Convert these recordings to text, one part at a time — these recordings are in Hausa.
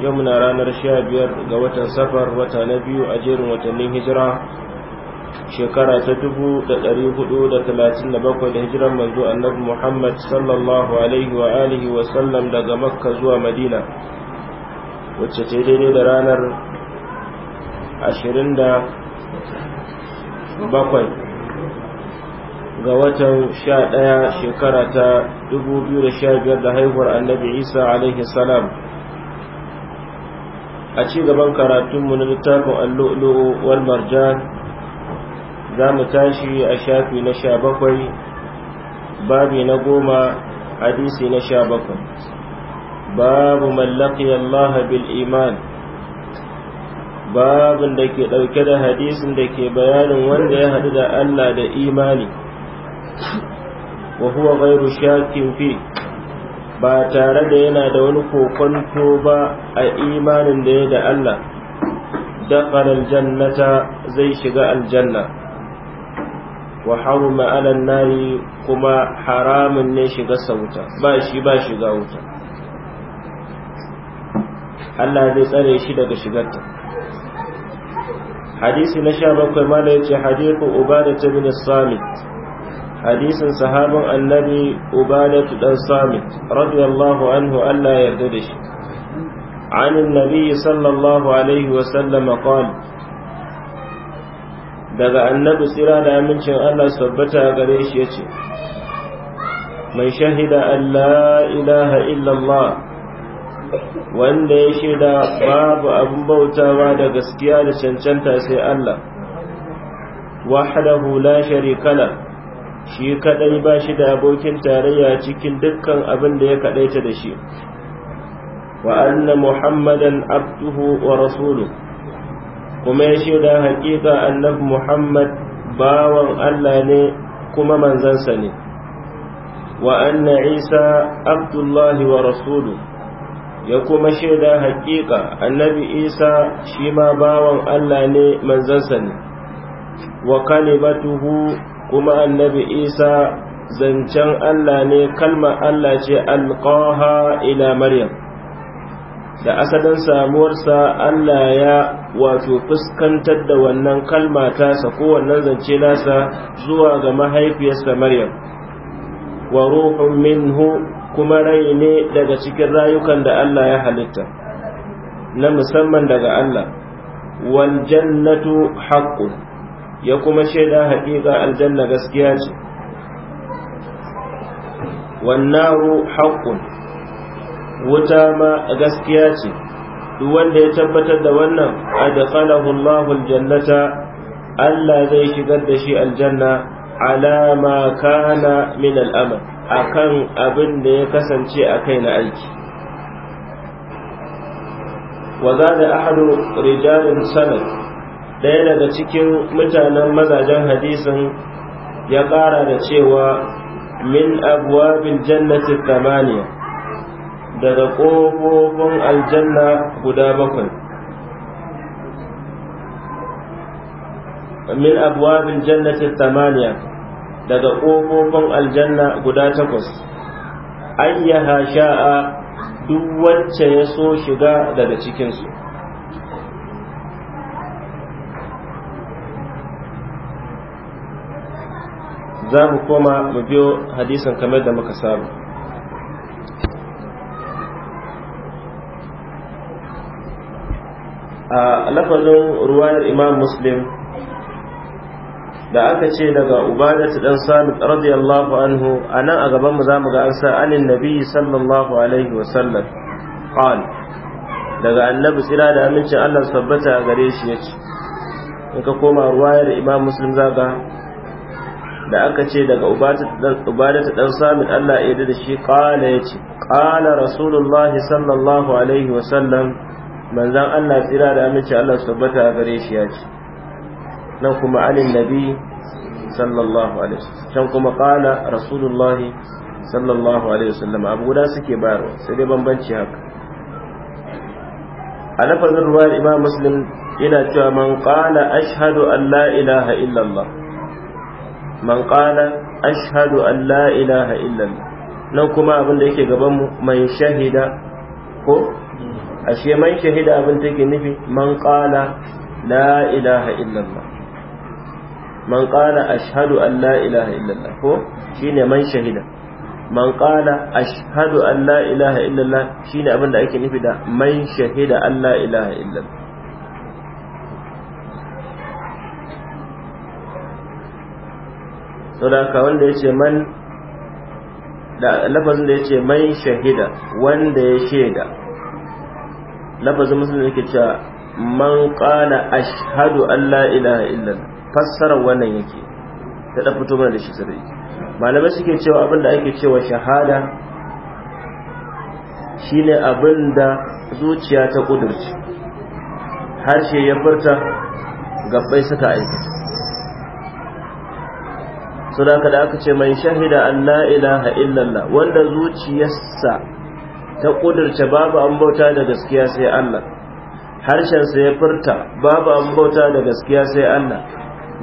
yau muna ranar sha biyar ga watan safar wata na biyu a jerin watannin hijira shekara ta dubu da ɗari hudu da talatin da bakwai da hijiran manzo annabi muhammad sallallahu alaihi wa alihi wa sallam daga makka zuwa madina wacce ta daidai da ranar ashirin da bakwai ga watan sha ɗaya shekara ta dubu biyu da sha biyar da haihuwar annabi isa alaihi salam a ci gaban karatunmu na littafin allo'lo wal marjan za mu tashi a shafi na sha bakwai babi na goma hadisi na sha bakwai babu mallaki Allah bil iman babin da ke ɗauke da hadisin da ke bayanin wanda ya haɗu da Allah da imani wa huwa ghairu shakin fi ba tare da yana da wani kokonto ba a imanin da ya da Allah dakhala aljannata zai shiga aljanna wa haruma ala nari kuma haramun ne shiga sauta ba shi ba shiga wuta Allah zai tsare shi daga shigarta hadisi na bakwai mala yace hadithu ubadatu bin samit hadisin sahabin annabi ubadatu dan samit radiyallahu anhu Allah yarda da shi عن النبي صلى alaihi wa وسلم قال daga annabi tsira da amincin Allah sabbata gare shi yace Mai shahida an la ilaha illallah wanda ya shaida babu abin bautawa da gaskiya da cancanta sai Allah wahdahu la sharika lahu shi kadai ba shi da abokin tarayya cikin dukkan abin da ya kadaita da shi wa anna muhammadan abduhu wa rasuluhu kuma ya da haƙiƙa annabi muhammad bawan allah ne kuma manzansa ne wa anna isa abdullahi wa rasuluhu ya kuma shaida haƙiƙa annabi isa shi ma bawan allah ne manzansa ne wa kalimatuhu kuma annabi isa zancen allah ne kalmar allah ce alƙaha ila maryam da asalin samuwarsa allah ya wato fuskantar da wannan kalma tasa ko wannan zance nasa zuwa ga mahaifiyarsa maryam wa ruhun minhu kuma rai ne daga cikin rayukan da allah ya halitta na musamman daga allah wal jannatu haqqun ya kuma shaida haƙiƙa aljanna gaskiya ce wannaru haƙƙun wuta ma gaskiya ce duk wanda ya tabbatar da wannan adkhalahu Allahu aljannata Allah zai shigar da shi aljanna ala ma kana min a akan abin da ya kasance a kai na aiki wa zada ahadu rijalin sanad ɗaya daga cikin mutanen mazajen hadisin ya ƙara da cewa min abuwabin jannati tamaniya daga ƙofofin aljanna guda bakwai min abuwabin jannati tamaniya daga ƙofofin aljanna guda takwas ayyaha sha'a duk wacce ya so shiga daga cikinsu za mu koma mu biyo hadisan kamar da muka saba a lafazin ruwayar imam muslim da aka ce daga ubadatu dan samit radiyallahu anhu anan a gaban mu mu ga an sa anin nabi sallallahu alaihi wa sallam qal daga annabi tsira da amincin Allah sabbata a gare shi yace in ka koma ruwayar imam muslim zaga da aka ce daga ubadata dan samin Allah ya da shi kala ya ce kala rasulullah sallallahu alaihi wasallam manzan Allah tsira da amince Allah su tabbata a gare shi ya ce nan kuma alin nabi sallallahu alaihi wasallam can kuma kala rasulullah sallallahu alaihi wasallam abu guda suke bayarwa sai dai bambanci haka a lafazin ruwa imam muslim yana cewa man kala ashhadu an la ilaha illallah man qala ashhadu an la ilaha illallah nan kuma abin da yake gaban mu man shahida ko ashe man shahida abin take nufi man qala la ilaha illallah man qala ashhadu an la ilaha illallah ko shine man shahida man qala ashhadu an la ilaha illallah shine abin da ake nufi da man shahida an la ilaha illallah saboda wanda ya ce man da lafazin da ya ce man shahida wanda ya shaida lafazin musulun ke cewa man kana ashhadu an la ilaha ila, fassara wannan yake ta da fito mana da shi sarari malamai suke cewa abin da ake cewa shahada shine abin da zuciya ta kudurci harshe ya furta gabbai suka aikata ka da aka ce mai shahida an la ilaha illallah wanda zuciyarsa ta kudurce babu an bauta da gaskiya sai Allah harshensa ya furta babu an bauta da gaskiya sai Allah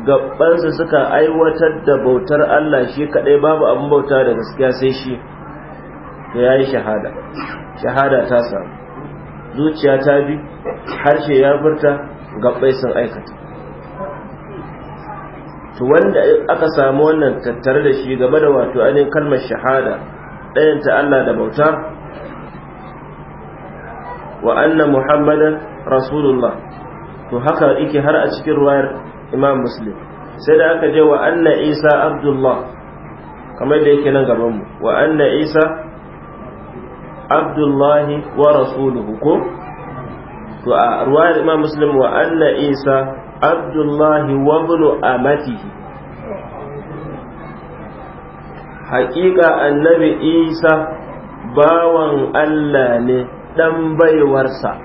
gabbansa suka aiwatar da bautar Allah shi kadai babu an bauta da gaskiya sai shi to yayi shahada shahada ta samu zuciya ta bi harshe ya furta gabbai sun aikata to wanda aka samu wannan tattare da shi game da wato ainihin kalmar shahada ɗayan ta Allah da bauta wa anna muhammadan rasulullah to haka yake har a cikin ruwayar imam muslim sai da aka je wa anna isa abdullah kamar da yake nan gabanmu wa anna isa abdullahi wa rasuluhu ko to a ruwayar imam muslim wa anna isa abdullahi wa ibnu amatihi haƙiƙa annabi isa bawan allah ne ɗan baiwarsa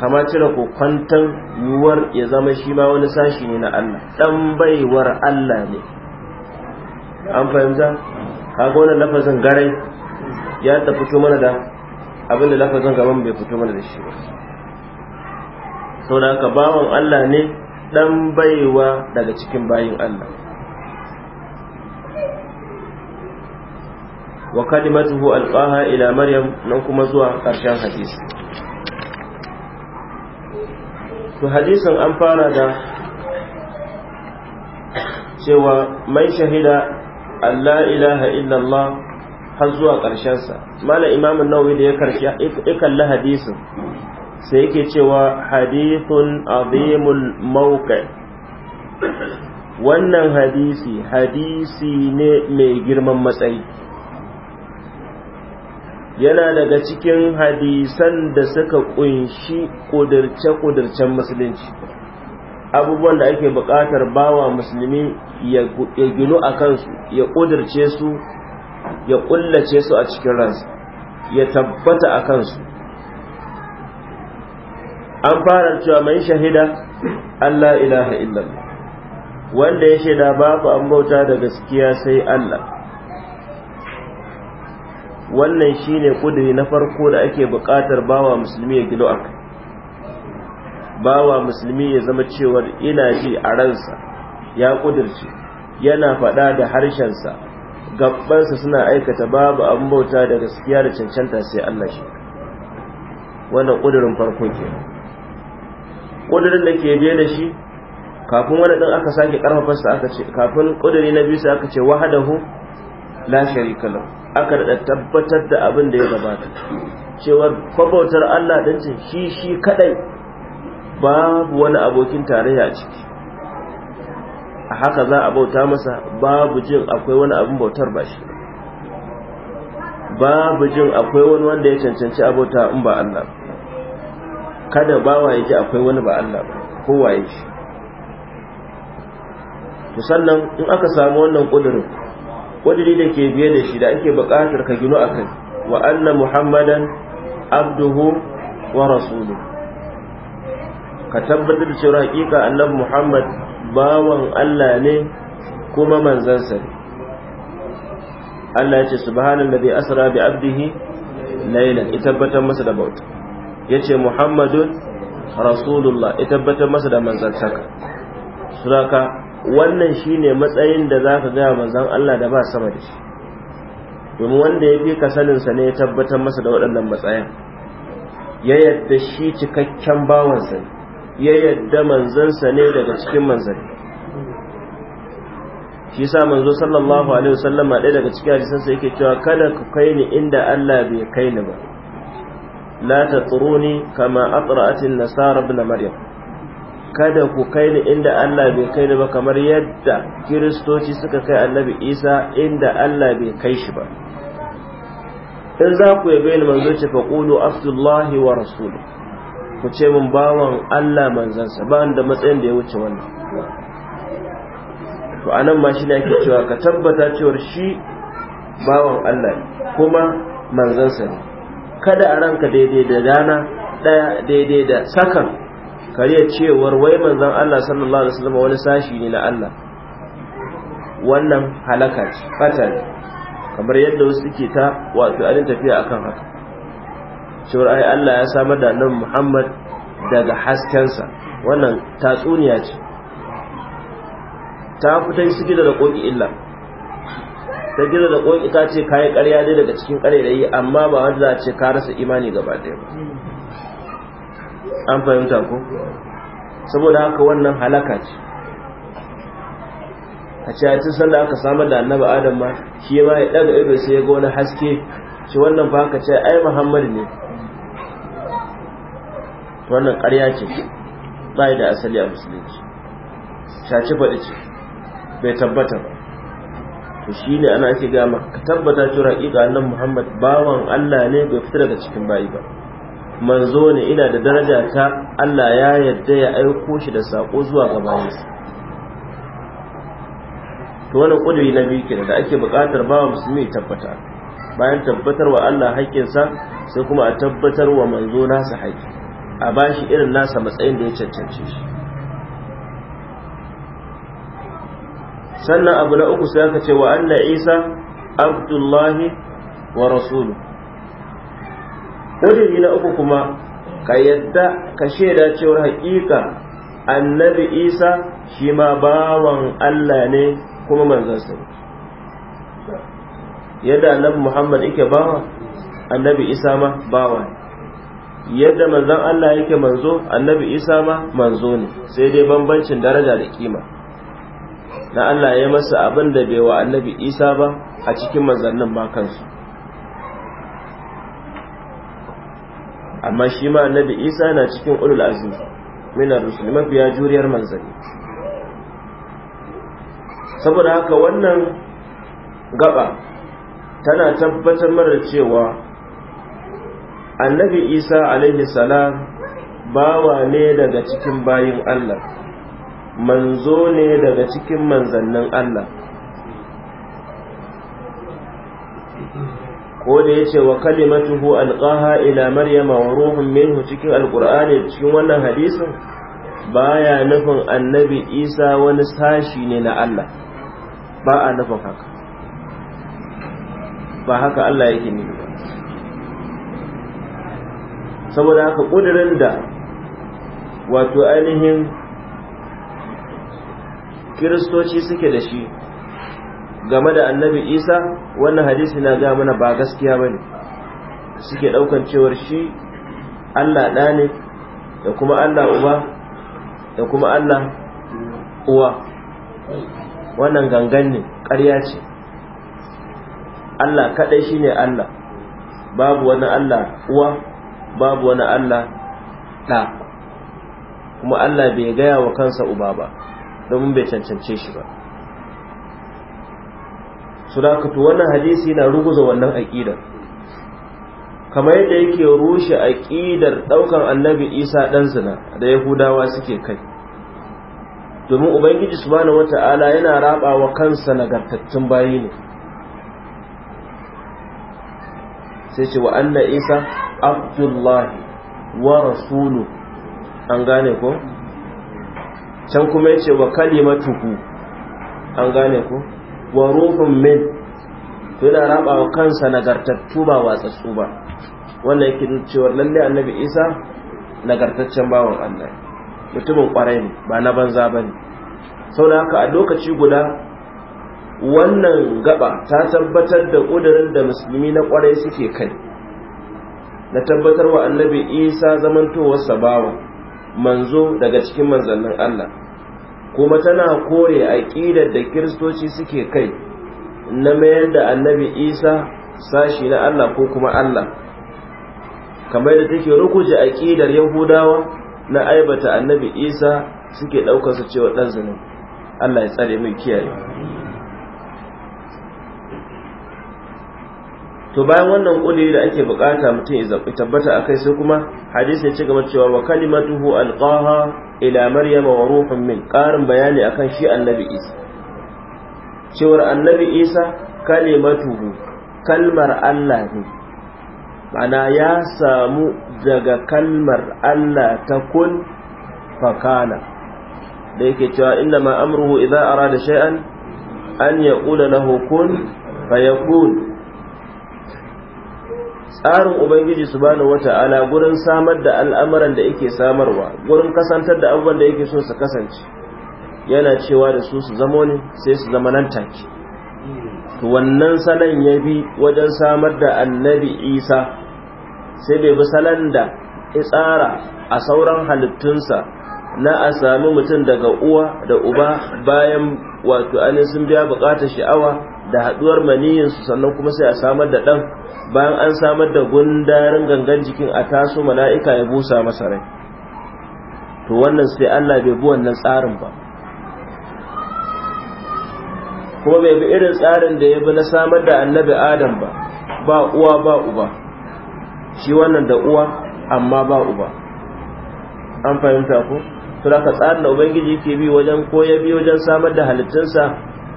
kama cire kokwanton yiwuwar ya zama shi ma wani sashi ne na allah ɗan baiwar allah ne an fahimta kaga wannan lafazin garai ya ta fito mana da abin abinda lafazin gaban bai fito mana da shi ba saboda haka bawan Allah ne dan baiwa daga cikin bayin Allah wa kalimatuhu alqaha ila maryam nan kuma zuwa ƙarshen hadisi to hadisin an fara da cewa mai shahida Allah ilaha illallah har zuwa ƙarshensa mala imamun nawawi da ya karshe ya kalli hadisin sai yake cewa hadithun azimul mawqi wannan hadisi hadisi ne mai girman matsayi yana daga cikin hadisan da suka kunshi kudurce-kudurcen musulunci abubuwan da ake buƙatar bawa musulmi ya gino a kansu ya kudurce su ya kullace su a cikin ransu ya tabbata a kansu an fara cewa mai shahida Allah ilaha illallah wanda ya shaida babu an bauta da gaskiya sai Allah wannan shine kudiri na farko da ake buƙatar bawa musulmi ya gido aka bawa musulmi ya zama cewar ina ji a ransa ya kudirce yana faɗa da harshensa gabbansa suna aikata babu an bauta da gaskiya da cancanta sai Allah shi wannan kudirin farko kenan kudurin da ke biye da shi kafin wani ɗin aka sake ƙarfafa sa aka ce kafin kudurin na biyu sa aka ce wahadahu la sharika lahu aka da tabbatar da abin da ya gabata cewa kwabautar Allah din ce shi shi kadai babu wani abokin tarayya a ciki a haka za a bauta masa babu jin akwai wani abin bautar ba shi babu jin akwai wani wanda ya cancanci abota in ba Allah ba kada bawa ya ji akwai wani ba Allah ba kowa ya shi to sannan in aka samu wannan ƙudurin, kudiri da ke biye da shi da ake buƙatar ka gino a kai wa anna muhammadan abduhu wa rasuluhu ka tabbatar da cewa hakika annabi muhammad bawan Allah ne kuma manzansa ne Allah ya ce subhanallazi asra bi abdihi laylan itabbatan masa da bauta yace muhammadun rasulullah ya tabbatar masa da manzantaka suraka wannan shine matsayin da zaka ga manzan Allah da ba sama da shi domin wanda ya fi ka sa ne ya tabbatar masa da waɗannan matsayin ya yadda shi cikakken bawansa ya yadda manzansa ne daga cikin manzan shi sa manzo sallallahu alaihi wasallam ɗaya daga cikin hadisansa yake cewa kada ku kai ni inda Allah bai kai ni ba لا تطروني kama atra'atin النصارى ابن maryam kada ku kai ni inda Allah bai kai ni ba kamar yadda kiristoci suka kai annabi Isa inda Allah bai kai shi ba in za ku yabe ni manzo ce fa qulu abdullahi wa rasuluhu ku ce mun bawan Allah sa ba da matsayin da ya wuce wannan to anan ma shi ne ake cewa ka tabbata cewar shi bawan Allah kuma sa ne kada a ranka daidai da dana ɗaya daidai da sakan kare cewar wai manzon Allah sallallahu alaihi wasallam wani sashi ne na Allah wannan halaka ce fata kamar yadda wasu suke ta wato alin tafiya akan haka cewar ai Allah ya samar da nan Muhammad daga haskensa wannan tatsuniya ce ta fitan su gida da koki illa Ta gizo da ƙoƙi ka ce kayi ƙarya dai daga cikin ƙarairayi amma ba wanda ce ka rasa imani gaba ɗaya ba an fahimta ko saboda haka wannan halaka ce a cin sanda aka samar da annaba adam ma shi ma ya ɗaga ido sai ya ga wani haske shi wannan ba ka ce ai muhammadu ne wannan ƙarya ce ba da asali a musulunci shaci faɗi ce bai tabbata ba to shi ne ana ake ga maka tabbata cewa haƙiƙa annabi Muhammad bawan Allah ne bai fita daga cikin bayi ba manzo ne ina da daraja ta Allah ya yarda ya aiko shi da sako zuwa ga bayinsa to wannan kudiri na biyu kenan da ake buƙatar bawa musulmi tabbata bayan tabbatar wa Allah haƙƙinsa sai kuma a tabbatar wa manzo nasa haƙƙi a bashi irin nasa matsayin da ya cancance shi sannan abu na uku sai aka ce wa anna isa abdullahi wa rasulu ƙudiri na uku kuma ka yadda ka shaida cewar haƙiƙa annabi isa shi ma bawan allah ne kuma manzansa yadda annabi muhammad yake bawa annabi isa ma bawa yadda manzan allah yake manzo annabi isa ma manzo ne sai dai bambancin daraja da kima na Allah ya masa abin da bai wa annabi isa ba a cikin mazannin ma amma shi ma annabi isa na cikin ulul azim minar rusul mafiya juriyar manzanni saboda haka wannan gaba tana tabbatar mara cewa annabi isa alaihi salam bawa ne daga cikin bayin allah manzo ne daga cikin manzannin Allah ko da yace wa kalimatuhu alqaha ila maryama wa ruhun minhu cikin alqur'ani cikin wannan hadisin baya nufin annabi isa wani sashi ne na Allah ba a nufin haka ba haka Allah yake ni saboda haka kudirin da wato ainihin kiristoci suke da shi game da annabi isa wannan hadisi na ga mana ba gaskiya ba ne suke ɗaukan cewar shi allah ɗa ne da kuma allah uba da kuma allah uwa wannan gangan ne ƙarya ce allah kaɗai shi ne allah babu wani allah uwa babu wani allah ɗa kuma allah bai gaya wa kansa uba ba domin bai cancance shi ba su da aka wannan hadisi na ruguza wannan aƙidar kamar yadda yake rushe aƙidar ɗaukar annabi isa ɗan zina da yahudawa suke kai domin ubangiji su bane wata'ala yana raba wa kansa nagartattun bayi ne sai ce wa isa abdullahi wa rasulu an gane ko can kuma ce wa kalimatuhu an gane ku wa ruhun min to yana raba wa kansa nagartattu ba watsatsu ba wannan yake cewa lalle annabi isa nagartaccen bawan allah mutumin kwarai ne ba na banza ba ne sau da haka a lokaci guda wannan gaba ta tabbatar da ƙudurin da musulmi na kwarai suke kai na tabbatar wa annabi isa zamantowarsa bawa manzo daga cikin manzannin allah kuma tana kore aƙidar da kiristoci suke kai na mayar da annabi isa sashi na allah ko kuma allah kamar da take rukuje aƙidar yahudawa na aibata annabi isa suke ɗaukarsa cewa ɗan zinin allah ya tsare mai kiyaye to bayan wannan kuduri da ake bukata mutum ya tabbata akai sai kuma hadisi ya ci gaba cewa wa kalimatuhu alqaha ila maryama wa ruhun min karin bayani akan shi annabi isa cewar annabi isa kalimatuhu kalmar Allah ne ma'ana ya samu daga kalmar Allah ta kun fakana da yake cewa inna ma amruhu idza arada shay'an an yaqula lahu kun fayakun tsarin ubangiji su bani wata ala gurin samar da al'amuran da yake samarwa gurin kasantar da abubuwan da yake so su kasance yana cewa da su su zama ne sai su zama nan take to wannan salon ya bi wajen samar da annabi isa sai bai bi salon da ya tsara a sauran halittunsa na a sami mutum daga uwa da uba bayan wato ainihin sun biya bukatar sha'awa da haduwar maniyinsu sannan kuma sai a samar da ɗan bayan an samar da gundarin gangan jikin a taso mala'ika ya busa masa rai to wannan sai Allah bai bi wannan tsarin ba kuma bai bi irin tsarin da ya bi na samar da annabi adam ba ba uwa ba uba shi wannan da uwa amma ba uba an fahimta ko to da ka tsarin da ubangiji ke bi wajen ko ya bi wajen samar da halittunsa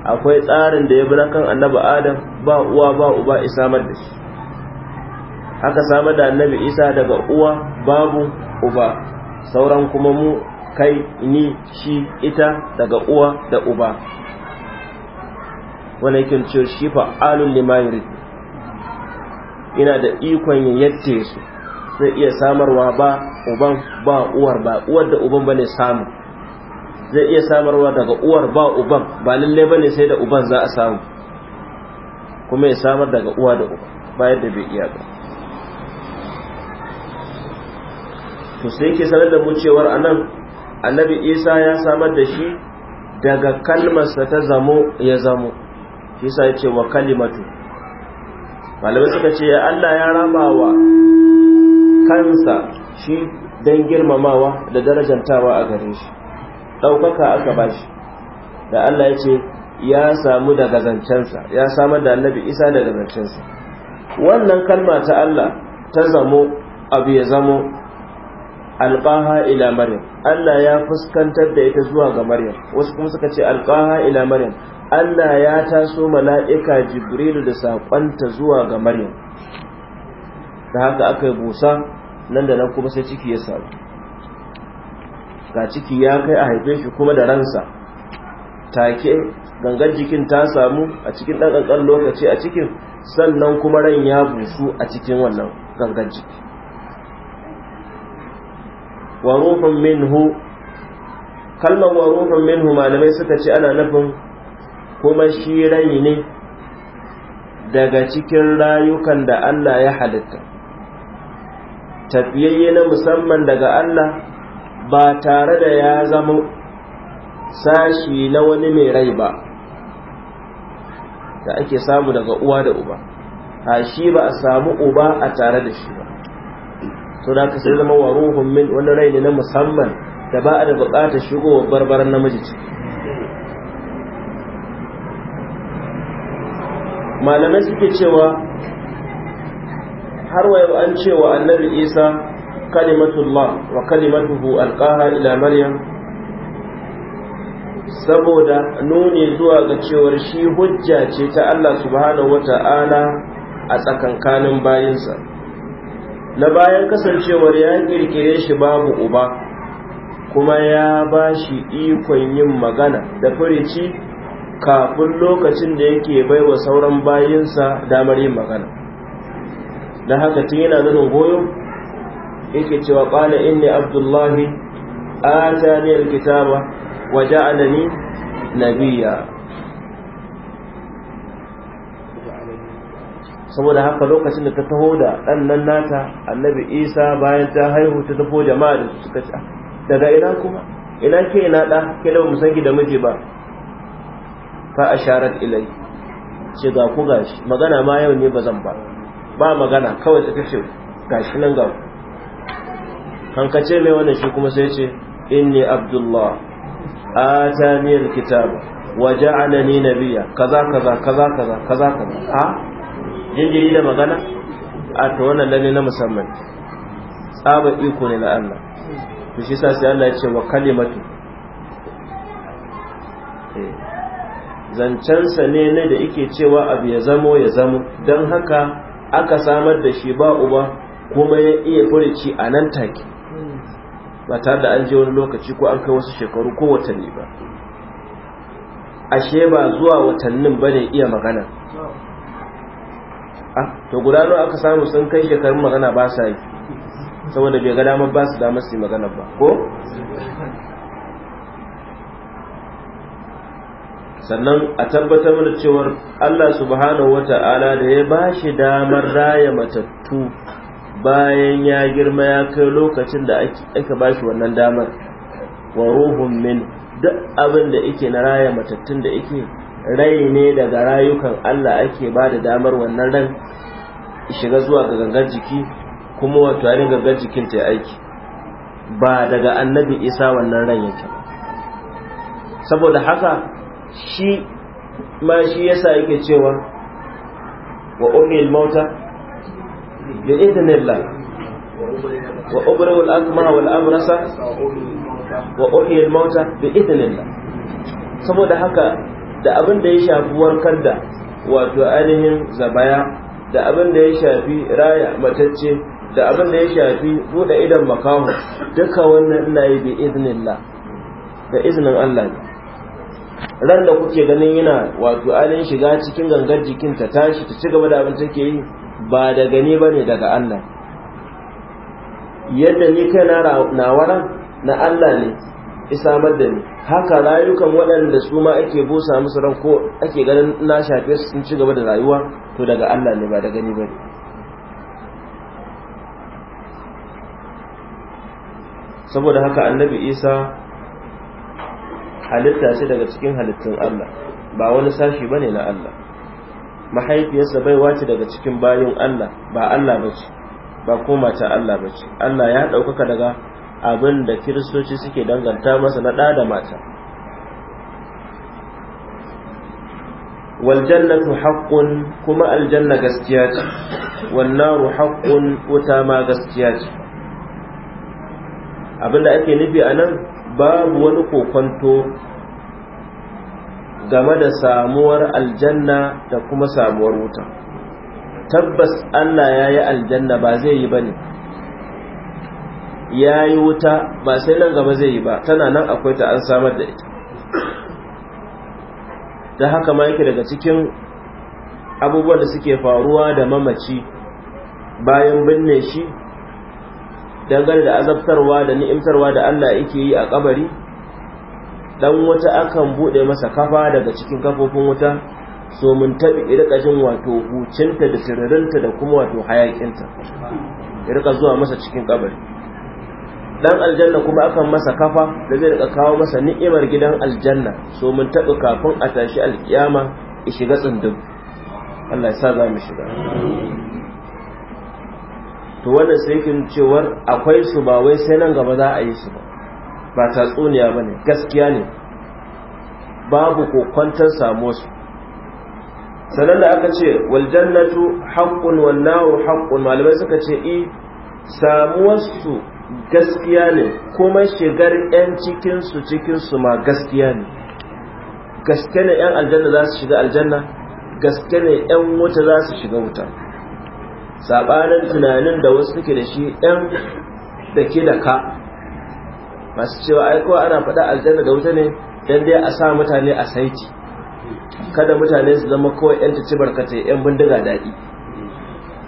akwai tsarin da ya bi kan annabi adam ba uwa ba uba isamar da shi aka samar da annabi isa daga uwa babu uba sauran kuma mu kai ni shi ita daga uwa da uba wani yakin ce shi fa'alun limayuri ina da ikon yadda su zai iya samarwa ba uban ba uwar ba uwar da uban ne samu zai iya samarwa daga uwar ba uban ba lalle bane sai da uban za a samu kuma ya samar daga uwa da uba bayan da bai iya ba to sai ke sanar da mu cewar anan annabi isa ya samar da shi daga kalmarsa ta zamo ya zamo shi ya ce wa kalimatu malamai suka ce ya allah ya raba wa kansa shi don girmamawa da darajantawa a gare shi ɗaukaka aka bashi da Allah ya ce ya samu daga zancensa ya samar da annabi isa daga zancensa wannan kalma ta Allah ta zamo abu ya zamo alƙaha ila maryam Allah ya fuskantar da ita zuwa ga maryam wasu kuma suka ce alƙaha ila maryam Allah ya taso mala'ika jibrilu da saƙonta zuwa ga maryam da haka aka yi busa nan da nan kuma sai ciki ya samu ga ciki ya kai a haife shi kuma da ransa take gangan jikin ta samu a cikin ɗan ƙanƙan lokaci a cikin sannan kuma ran ya busu a cikin wannan gangan jiki wa minhu kalmar wa minhu malamai suka ce ana nufin kuma shi rai ne daga cikin rayukan da Allah ya halitta tafiyayye na musamman daga Allah ba tare da ya zama sashi na wani mai rai ba da ake samu daga uwa da uba a shi ba a samu uba a tare da shi ba to da ka sai zama wa ruhun min wani rai ne na musamman da ba a da bukatar wa barbaran namiji ciki malamai suke cewa har wayo an cewa annabi isa kalimatullah wa kalimatuhu alqaha ila maryam saboda nuni zuwa ga cewar shi hujja ce ta Allah subhanahu wata'ala a tsakankanin bayinsa na bayan kasancewar ya kirkire shi babu uba kuma ya ba shi ikon yin magana da furici kafin lokacin da yake baiwa sauran bayinsa damar yin magana da haka tun yana zanen goyo yake cewa qala inni abdullahi atani alkitaba wa ja'alani nabiyya saboda haka lokacin da ta taho da ɗannan nata annabi isa bayan ta haihu ta taho jama'a da suka ci daga ina kuma ina ke ina ɗa ke da musan da miji ba fa asharat ilai ce ga ku gashi magana ma yau ne ba zan ba ba magana kawai ta ce gashi nan ga ku hankace mai wannan shi kuma sai ce inni abdullah atani alkitab wa ja'alani nabiyya kaza kaza kaza kaza kaza kaza a jinjiri da magana a to wannan lalle na musamman tsaba iko ne na Allah to shi sai Allah ya ce wa kalimatu eh, zancensa ne ne da yake cewa abu ya zamo ya zamo don haka aka samar da shi ba uba kuma ya iya furici a nan take ba tare da an je wani lokaci ko an kai wasu shekaru ko watanni ba ashe ba zuwa watannin ba ne iya magana ah, to guda aka samu sun kai shekarun magana ba sa yi saboda bai ga damar ba su damar su yi magana ba ko sannan a tabbatar mana cewar Allah subhanahu wata'ala da ya ba shi damar raya matattu bayan ya girma ya kai lokacin da aka ba shi wannan damar wa ruhun min duk abin da ike na raya matattun da ike rai ne daga rayukan Allah ake ba da damar wannan ran shiga zuwa ga gangar jiki kuma wato ainihin gangar jikin ta aiki ba daga annabi isa wannan ran yake saboda haka shi ma shi yasa yake cewa wa ummi mauta بإذن الله وأبرئ الأكمه والأبرص وأحيي الموتى بإذن الله saboda haka da abin da ya shafi warkar da wato ainihin zabaya da abin da ya shafi raya matacce da abin da ya shafi buɗe idan makamu duka wannan ina yi bi iznillah da iznin Allah ne ran da kuke ganin yana wato ainihin shiga cikin gangar jikin ta tashi ta ci gaba da abin take yi ba daga ni ne daga Allah yadda ni kai na waran na Allah ne isamar da ni haka rayukan waɗanda su ma ake busa musu ran ko ake ganin na shafe su sun ci gaba da rayuwa to daga Allah ne ba daga ni ne. saboda haka annabi Isa halitta ce daga cikin halittun Allah ba wani sashi bane na Allah mahaifiyarsa bai wace daga cikin bayin Allah ba Allah bace ba kuma ta Allah bace Allah ya ɗaukaka daga abin da kiristoci suke danganta masa na ɗa da mata waljannatu haƙƙun kuma aljanna gaskiya ce wannaru haƙƙun wuta ma gaskiya ce abin da ake nufi a nan babu wani kokonto game da samuwar aljanna da kuma samuwar wuta tabbas Allah ya yi aljanna ba zai yi ba ne ya yi wuta ba sai nan gaba zai yi ba tana nan akwai ta an samar da ita da haka ma yake daga cikin abubuwan da suke faruwa da mamaci bayan binne shi dangane da azabtarwa da ni'imtarwa da Allah yake yi a kabari dan wuta akan bude masa kafa daga cikin kafofin wuta so mun tabi irka wato hucinta da sirrinta da kuma wato hayakinta irka zuwa masa cikin kabari dan aljanna kuma akan masa kafa da zai rika kawo masa ni'imar gidan aljanna so mun tabi kafin a tashi alkiyama ya shiga tsindin Allah ya sa za mu shiga to wannan sai kin cewar akwai su ba wai sai nan gaba za a yi su ba ba tatsuniya ba ne gaskiya ne babu kokwantar su sanan da aka ce waljannatu haƙƙun wannahu haƙƙun malamai suka ce i e, samuwarsu gaskiya ne kuma shigar 'yan cikinsu cikinsu ma gaskiya ne gaske ne 'yan aljanna za su shiga aljanna gaske ne 'yan wuta za su shiga wuta saɓanin tunanin da wasu suke da shi 'yan da ke da ka masu cewa ai kowa ana faɗa aljanna da wuta ne dan dai a sa mutane a saiti kada mutane su zama kawai yan tace barkatai yan bindiga daɗi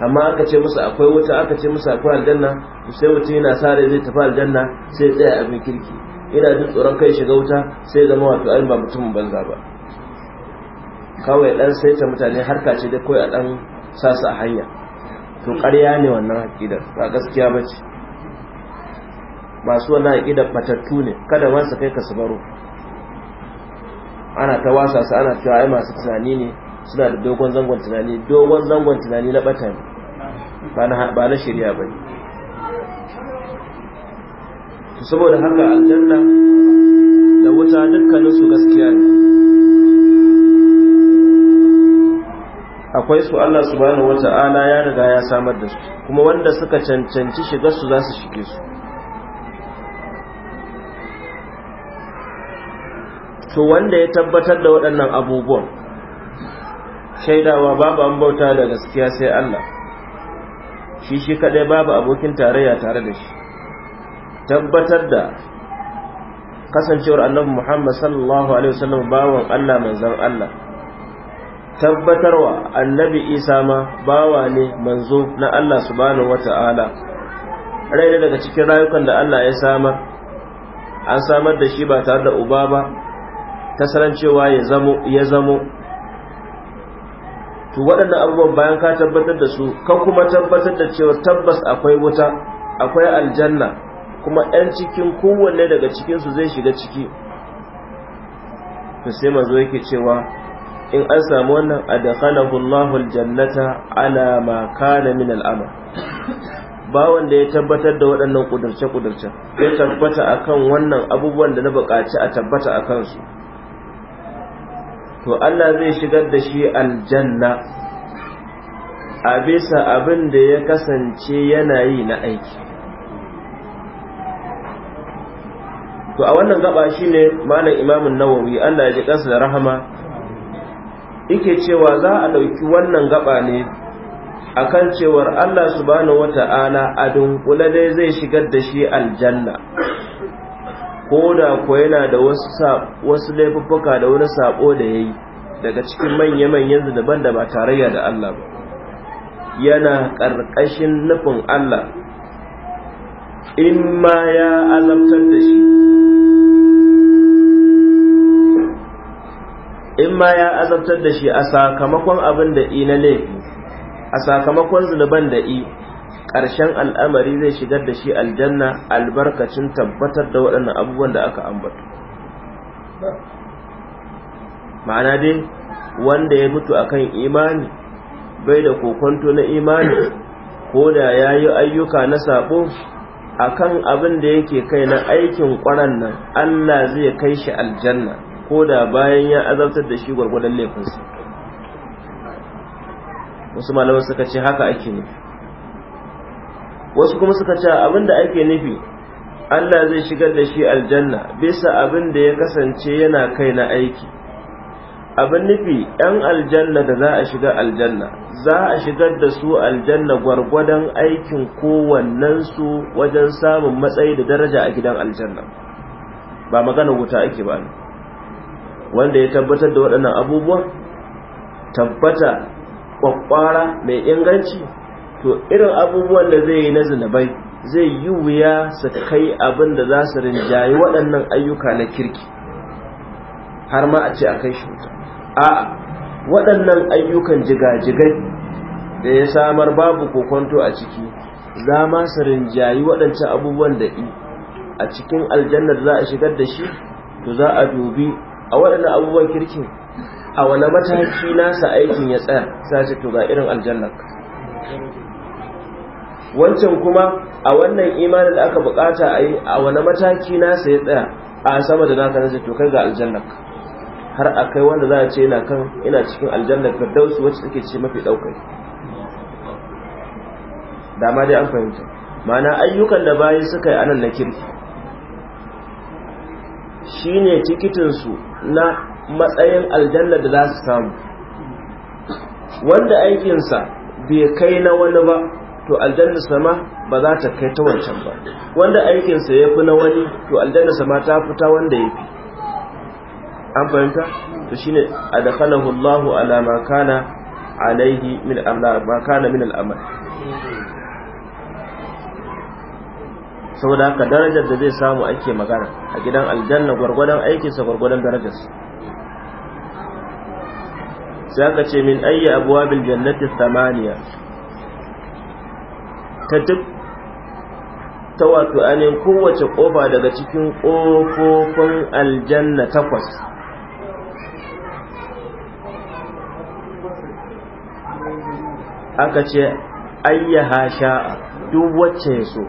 amma aka ce musu akwai wuta aka ce musu akwai aljanna sai mutum yana sa rai zai tafi aljanna sai ya tsaya abin kirki yana jin tsoron kai shiga wuta sai zama wato ai ba mutum banza ba kawai dan saita mutane harka ce da kawai a dan sa a hanya to ƙarya ne wannan haƙidar ba gaskiya ba ce masu wannan aƙidar batattu ne kada wansa kai ka sabaro ana ta wasa su ana cewa ai masu tunani ne suna da dogon zangon tunani dogon zangon tunani na bata ne ba na shirya ba ne saboda haka aljanna da wuta dukkaninsu gaskiya ne akwai su Allah subhanahu wata'ala ya riga ya samar da su kuma wanda suka cancanci shiga su za su shige su to wanda ya tabbatar da waɗannan abubuwan shaidawa babu an bauta da gaskiya sai Allah shi shi kadai babu abokin tarayya tare da shi tabbatar da kasancewar annabi Muhammad sallallahu alaihi wasallam bawan Allah manzon Allah tabbatarwa annabi Isa ma bawa ne manzo na Allah subhanahu wata'ala rai daga cikin rayukan da Allah ya samar an samar da shi ba tare da uba ba kasarancewa ya zamo ya zamo to waɗannan abubuwan bayan ka tabbatar da su ka kuma tabbatar da cewa tabbas akwai wuta akwai aljanna kuma ɗan cikin kowanne daga cikinsu zai shiga ciki to sai mazo yake cewa in an samu wannan adkhalahu Allahu aljannata ala ma kana min al'amal ba wanda ya tabbatar da waɗannan ƙudurce-ƙudurce ya tabbata akan wannan abubuwan da na buƙaci a tabbata a kansu to Allah zai shigar da shi aljanna a bisa abin da ya kasance yana yi na aiki to a wannan gaba ne malam imamun nawawi Allah ya ji kansa da rahama yake cewa za a ɗauki wannan gaba ne a kan cewar Allah subhanahu wata'ala a dunkule dai zai shigar da shi aljanna ko da ko yana da wasu laifuffuka da wani sabo da ya yi daga cikin manya-manyan zunuban da ba tarayya da Allah ba yana ƙarƙashin nufin Allah in ma ya alamtar da shi in ma ya azabtar da shi a sakamakon abin da i na laifi a sakamakon zunuban da i ƙarshen al'amari zai shigar da shi aljanna albarkacin tabbatar da waɗannan abubuwan da aka ambata ma'ana dai wanda ya mutu akan imani bai da kokonto na imani ko da ya yi ayyuka na sabo akan abin da yake kai na aikin ƙwaran nan Allah zai kai shi aljanna ko da bayan ya azabtar da shi gwargwadon laifinsa wasu malamai suka ce haka ake nufi wasu kuma suka ce abinda ake nufi Allah zai shigar da shi aljanna bisa abin da ya kasance yana kai na aiki abin nufi ‘yan aljanna da za a shiga aljanna za a shigar da su aljanna gwargwadon aikin kowannensu wajen samun matsayi da daraja a gidan aljanna ba magana wuta ake ba wanda ya tabbatar da waɗannan abubuwan tabbata kwakwara mai inganci to irin abubuwan da zai yi na zinabai zai yi wuya su kai abin da za su rinjayi waɗannan ayyuka na kirki har ma a ce a kai shi a waɗannan ayyukan jigajigai da ya samar babu kokonto a ciki za ma su rinjayi waɗancan abubuwan da i a cikin aljannar za a shigar da shi to za a dubi a waɗannan abubuwan kirkin a wane mataki nasa aikin ya tsaya sace to ga irin aljannar wancan kuma a wannan imanin da aka bukata a yi a wani mataki nasa ya tsaya a sama da naka nace to kai ga aljanna har a kai wanda za a ce yana kan ina cikin aljannar firdaus wacce take ce mafi daukai dama dai an fahimta ma'ana ayyukan da bayi suka yi anan na kirki shine tikitinsu na matsayin aljanna da za su samu wanda aikinsa bai kai na wani ba to aljanna sama ba za ta kai ta wancan ba wanda aikinsa ya fi na wani to aljanna sama ta fita wanda ya fi an fahimta to shine adkhalahu Allahu ala ma kana alaihi min amla ma kana min al'amal saboda haka darajar da zai samu ake magana a gidan aljanna gwargwadon aikinsa gwargwadon darajarsa sai aka ce min ayyi abwabil jannati thamaniya ta duk ta wato ainihin kowace kofa daga cikin kofofin aljanna takwas aka ce ayyaha sha'a duk wacce so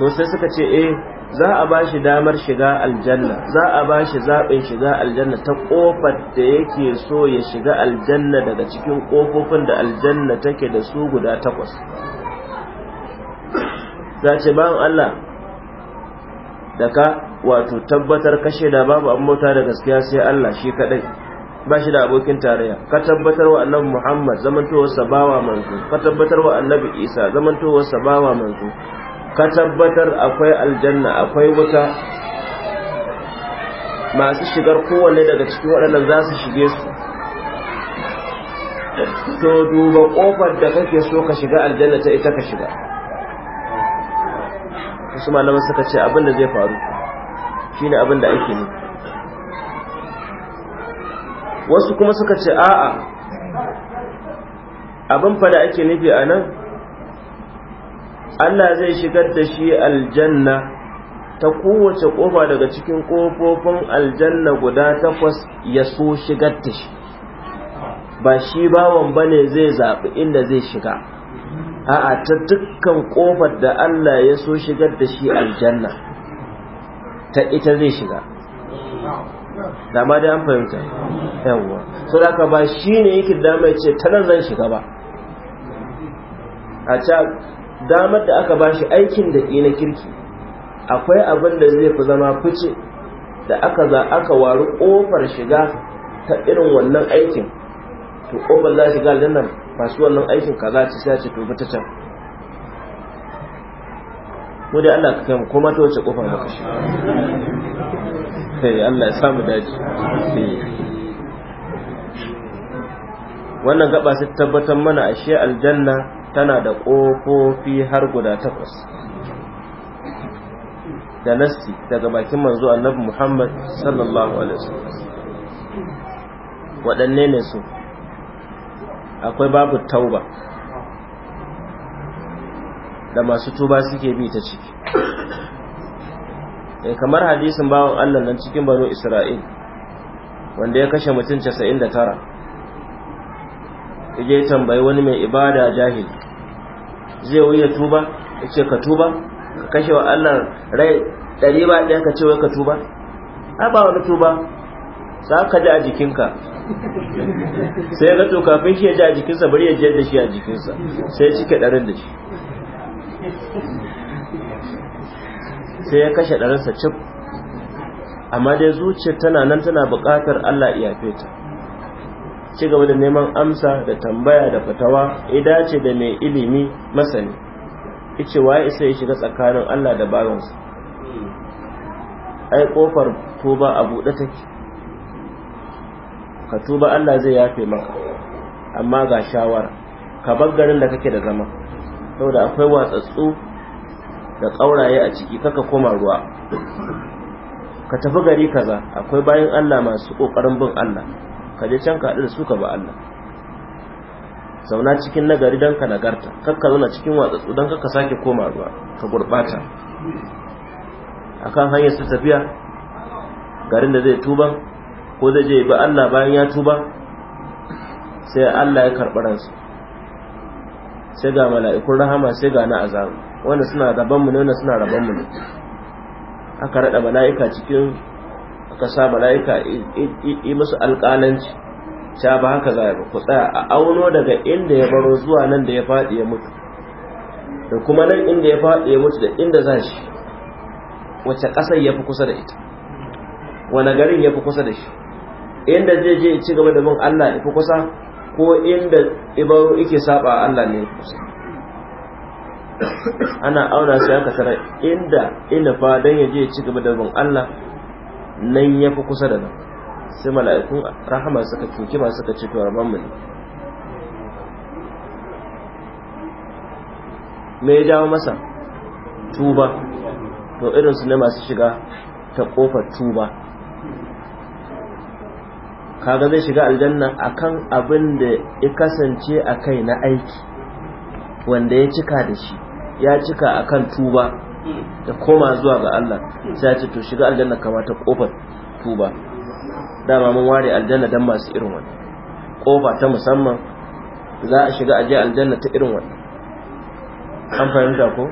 to sai suka ce eh za a ba shi damar shiga aljanna za a ba shi zaɓin shiga aljanna ta ƙofar da yake so ya shiga aljanna daga cikin ƙofofin da aljanna take da su guda takwas za ce bayan Allah da ka wato tabbatar kashe da babu an mota da gaskiya sai Allah shi kaɗai ba shi da abokin tarayya ka tabbatar wa annabi Muhammad zamantowar sabawa manzo ka tabbatar wa annabi Isa zamantowar sabawa manzo ka tabbatar akwai aljanna akwai wuta masu shigar kowanne daga cikin waɗannan za su shige su to duba ƙofar da kake so ka shiga aljanna ta ita ka shiga wasu malaman suka ce abin da zai faru shi ne abin da ake ne wasu kuma suka ce a'a abin fa da ake nufi a nan Allah zai shigar da shi aljanna ta kowace ƙofa daga cikin ƙofofin aljanna guda takwas ya so shigar da shi ba shi bawan ba ne zai zaɓi inda zai shiga a'a ta dukkan ƙofar da Allah ya so shigar da shi aljanna ta ita zai shiga da ma da an fahimta yawwa so da ba shi ne yake da mai ce ta nan zan shiga ba a damar da aka ba shi aikin da na kirki akwai abin da zai fi zama fice da aka za aka wari ƙofar shiga ta irin wannan aikin to ƙofar za shiga aljanna masu wannan aikin ka za sai ce to ta can mu dai Allah ka kai mu kuma ta wace ƙofar maka shi sai Allah ya samu daji wannan gaba su tabbatar mana ashe aljanna tana da ƙofofi har guda takwas da nassi daga bakin manzo annabi Muhammad sallallahu alaihi waɗanne ne su akwai babu tauba da masu tuba suke bi ta ciki E, kamar hadisin bawan Allah nan cikin banu Isra'il wanda ya kashe mutum 99 ya tambayi wani mai ibada jahili zai wuya tuba ya ce ka tuba ka kashe wa Allah rai ɗari ba ɗaya ka ce wai ka tuba a ba wani tuba za ka ji a jikinka sai ga to kafin shi ya ji a jikinsa bari ya ji da shi a jikinsa sai ya cike ɗarin da shi sai ya kashe ɗarinsa cif amma dai zuciyar tana nan tana buƙatar Allah iya yafe ci gaba da neman amsa da tambaya da fatawa ya dace da mai ilimi masani ice waye isa ya shiga tsakanin Allah da bawansa ai kofar tuba a buɗe take ka tuba Allah zai yafe maka amma ga shawara ka bar garin da kake da zama saboda akwai watsatsu da ƙauraye a ciki kaka koma ruwa ka tafi gari kaza akwai bayan Allah masu ƙoƙarin bin Allah ka je can ka haɗu da su ka ba Allah zauna cikin nagari don ka nagarta kakka zauna cikin watsatsu don kakka sake koma ruwa ka gurɓata kan hanyar su tafiya garin da zai tuba ko zai je ba Allah bayan ya tuba sai Allah ya karɓi ransu sai ga mala'ikun rahama sai ga na azabu wanda suna rabanmu ne wanda suna rabanmu ne aka raɗa mala'ika cikin Ka sa mala'ika yi musu alƙalanci ta ba haka za ba ku tsaya a auno daga inda ya baro zuwa nan da ya faɗi ya mutu da kuma nan inda ya faɗi ya mutu da inda za shi wacce ƙasar ya fi kusa da ita wani garin ya fi kusa da shi inda zai je ci gaba da bin Allah ya fi kusa ko inda ibaro ike saba Allah ne ya fi kusa ana auna sai aka tara inda ina fa dan ya je ci gaba da bin Allah nan ya fi kusa da nan sai mala'ikun rahama suka kinki ba suka ce tuwarman ban ne me jawo masa tuba to irin su ne masu shiga ta kofar tuba kaga zai shiga aljanna akan abin da ya kasance a kai na aiki wanda ya cika da shi ya cika akan tuba da koma zuwa ga Allah sai ya ce to shiga aljanna kama ta kofar tuba dama mun ware aljanna dan masu irin wani kofa ta musamman za a shiga aje aljanna ta irin wani an fahimta ko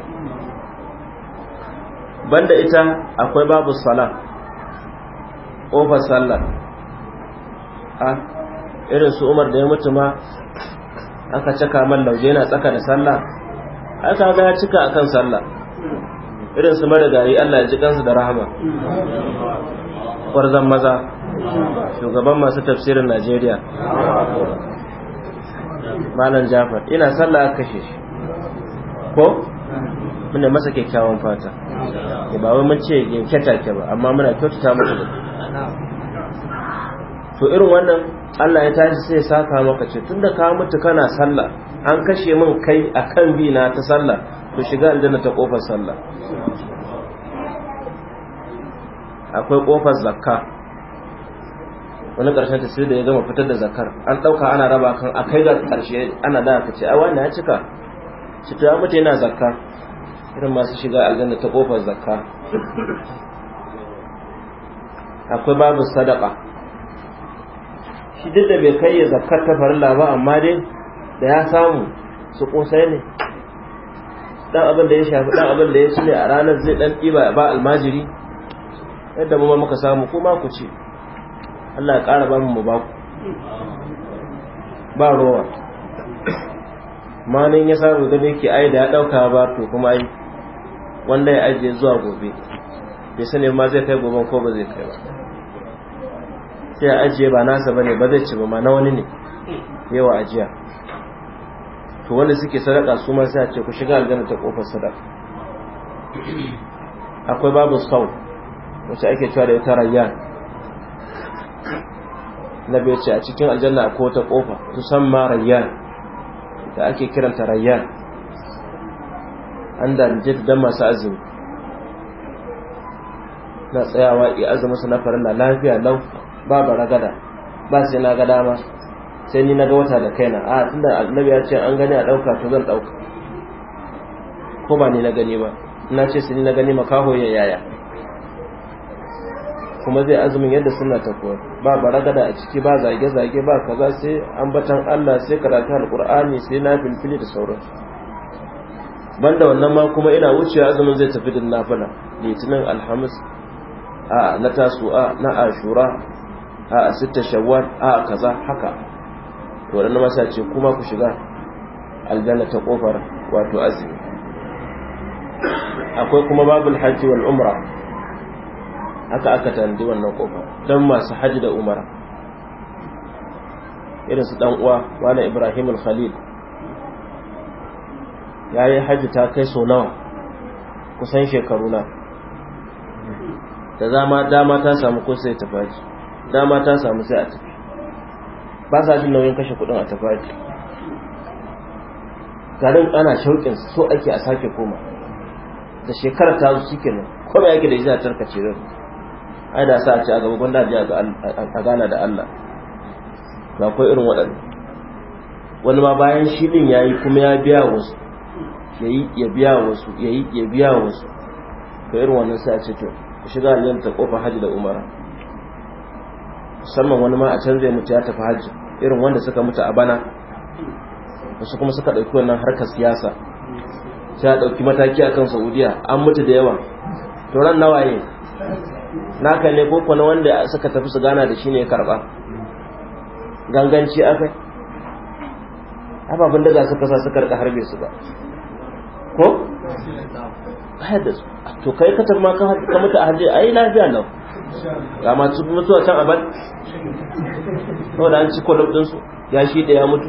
banda ita akwai babu sala kofar sallah a irin su umar da ya mutu ma aka caka man lauje na tsaka da sallah aka ga ya cika akan sallah irin su Gari Allah ya ci kansu da rahama kwarzan maza shugaban masu tafsirin Najeriya Malam Jafar ina sallah kashe shi ko muna masa kyakkyawan fata Ya ba wai mun ce yanke take ba amma muna kyautata masa da to irin wannan Allah ya tashi sai ya saka maka ce tunda ka mutu kana sallah an kashe min kai akan bi na ta sallah Ku shiga aljanna ta kofar sallah akwai kofar zakka wani karshen ta sai da ya gama fitar da zakar an dauka ana raba kan a kai ga karshe ana da ka ce ai wani ya cika shi to mutu yana zakka irin masu shiga aljanna ta kofar zakka akwai babu sadaka shi duk da bai kai zakkar ta farilla ba amma dai da ya samu su kosai ne dan abin da ya shafi dan abin da ya shine ne a ranar zai dan ɗiba ba almajiri yadda mu ma muka samu ko ma ku ce Allah ya ƙara ba mu ba ku ba rowa manin ya samu da yake ai da ya ɗauka ba to kuma ai wanda ya ajiye zuwa gobe bai sani ma zai kai goben ko ba zai kai ba sai ya ajiye ba nasa bane ba zai ci ba ma na wani ne yawa ajiya to wanda suke sadaka su ma sai a ce ku shiga aljanna ta kofar sadaka akwai babu sau wacce ake cewa da ita rayyan na bai ce a cikin aljanna ko ta kofa ma rayyan da ake kiranta rayyan an da dan masu azumi na tsayawa i azumin su na farilla lafiya lau ba ragada, ba sai na ga dama sai ni na ga wata da kaina a tunda annabi ya ce an gani a dauka to zan dauka ko ba ni na gani ba ina ce sai ni na gani makaho ya yaya kuma zai azumin yadda suna ta koyar ba baragada a ciki ba zage-zage ba kaza sai an batan Allah sai karatu al-kur'ani sai na filfili da sauran banda wannan ma kuma ina wuce azumin zai tafi din nafila litinin alhamis a na tasu'a na ashura a sitta shawwal a kaza haka to waɗanda masa ce kuma ku shiga aljanna ta kofar wato azumi akwai kuma babul hajji wal umra haka aka tandi wannan kofa. don masu hajji da umara irin su dan uwa wani ibrahim al-khalil ya yi hajji ta kai sau nawa kusan shekaru na da dama ta samu kusa sai ta faji dama ta samu sai a tafi ba sa jin nauyin kashe kudin a tafari garin ana shauƙin so ake a sake koma da shekarar ta zuci kenan kuma ake da izina tarkace don ai da sa a ce a gaban gwanda ji a gana da Allah to akwai irin waɗanda wani ma bayan shi din yi kuma ya biya wasu ya biya wasu ya biya wasu to irin wannan sai a ce to ku shiga aljanna ta kofar hajji da umara musamman wani ma a canza mutu ya tafi hajji irin wanda suka mutu a bana wasu kuma suka ɗauki wannan harkar siyasa sai a ɗauki mataki a kan saudiya an mutu da yawa turan nawaye naka ne ko na wanda suka tafi su gana da shi ne karɓa ganganci akai ababen daga suka sa suka rika harbe su ba ko? hayar da su to kai katar ma ka mutu a hajji a yi lafiya nan ga masu mutuwa can abad to da an ci kwalab dinsu ya shi da ya mutu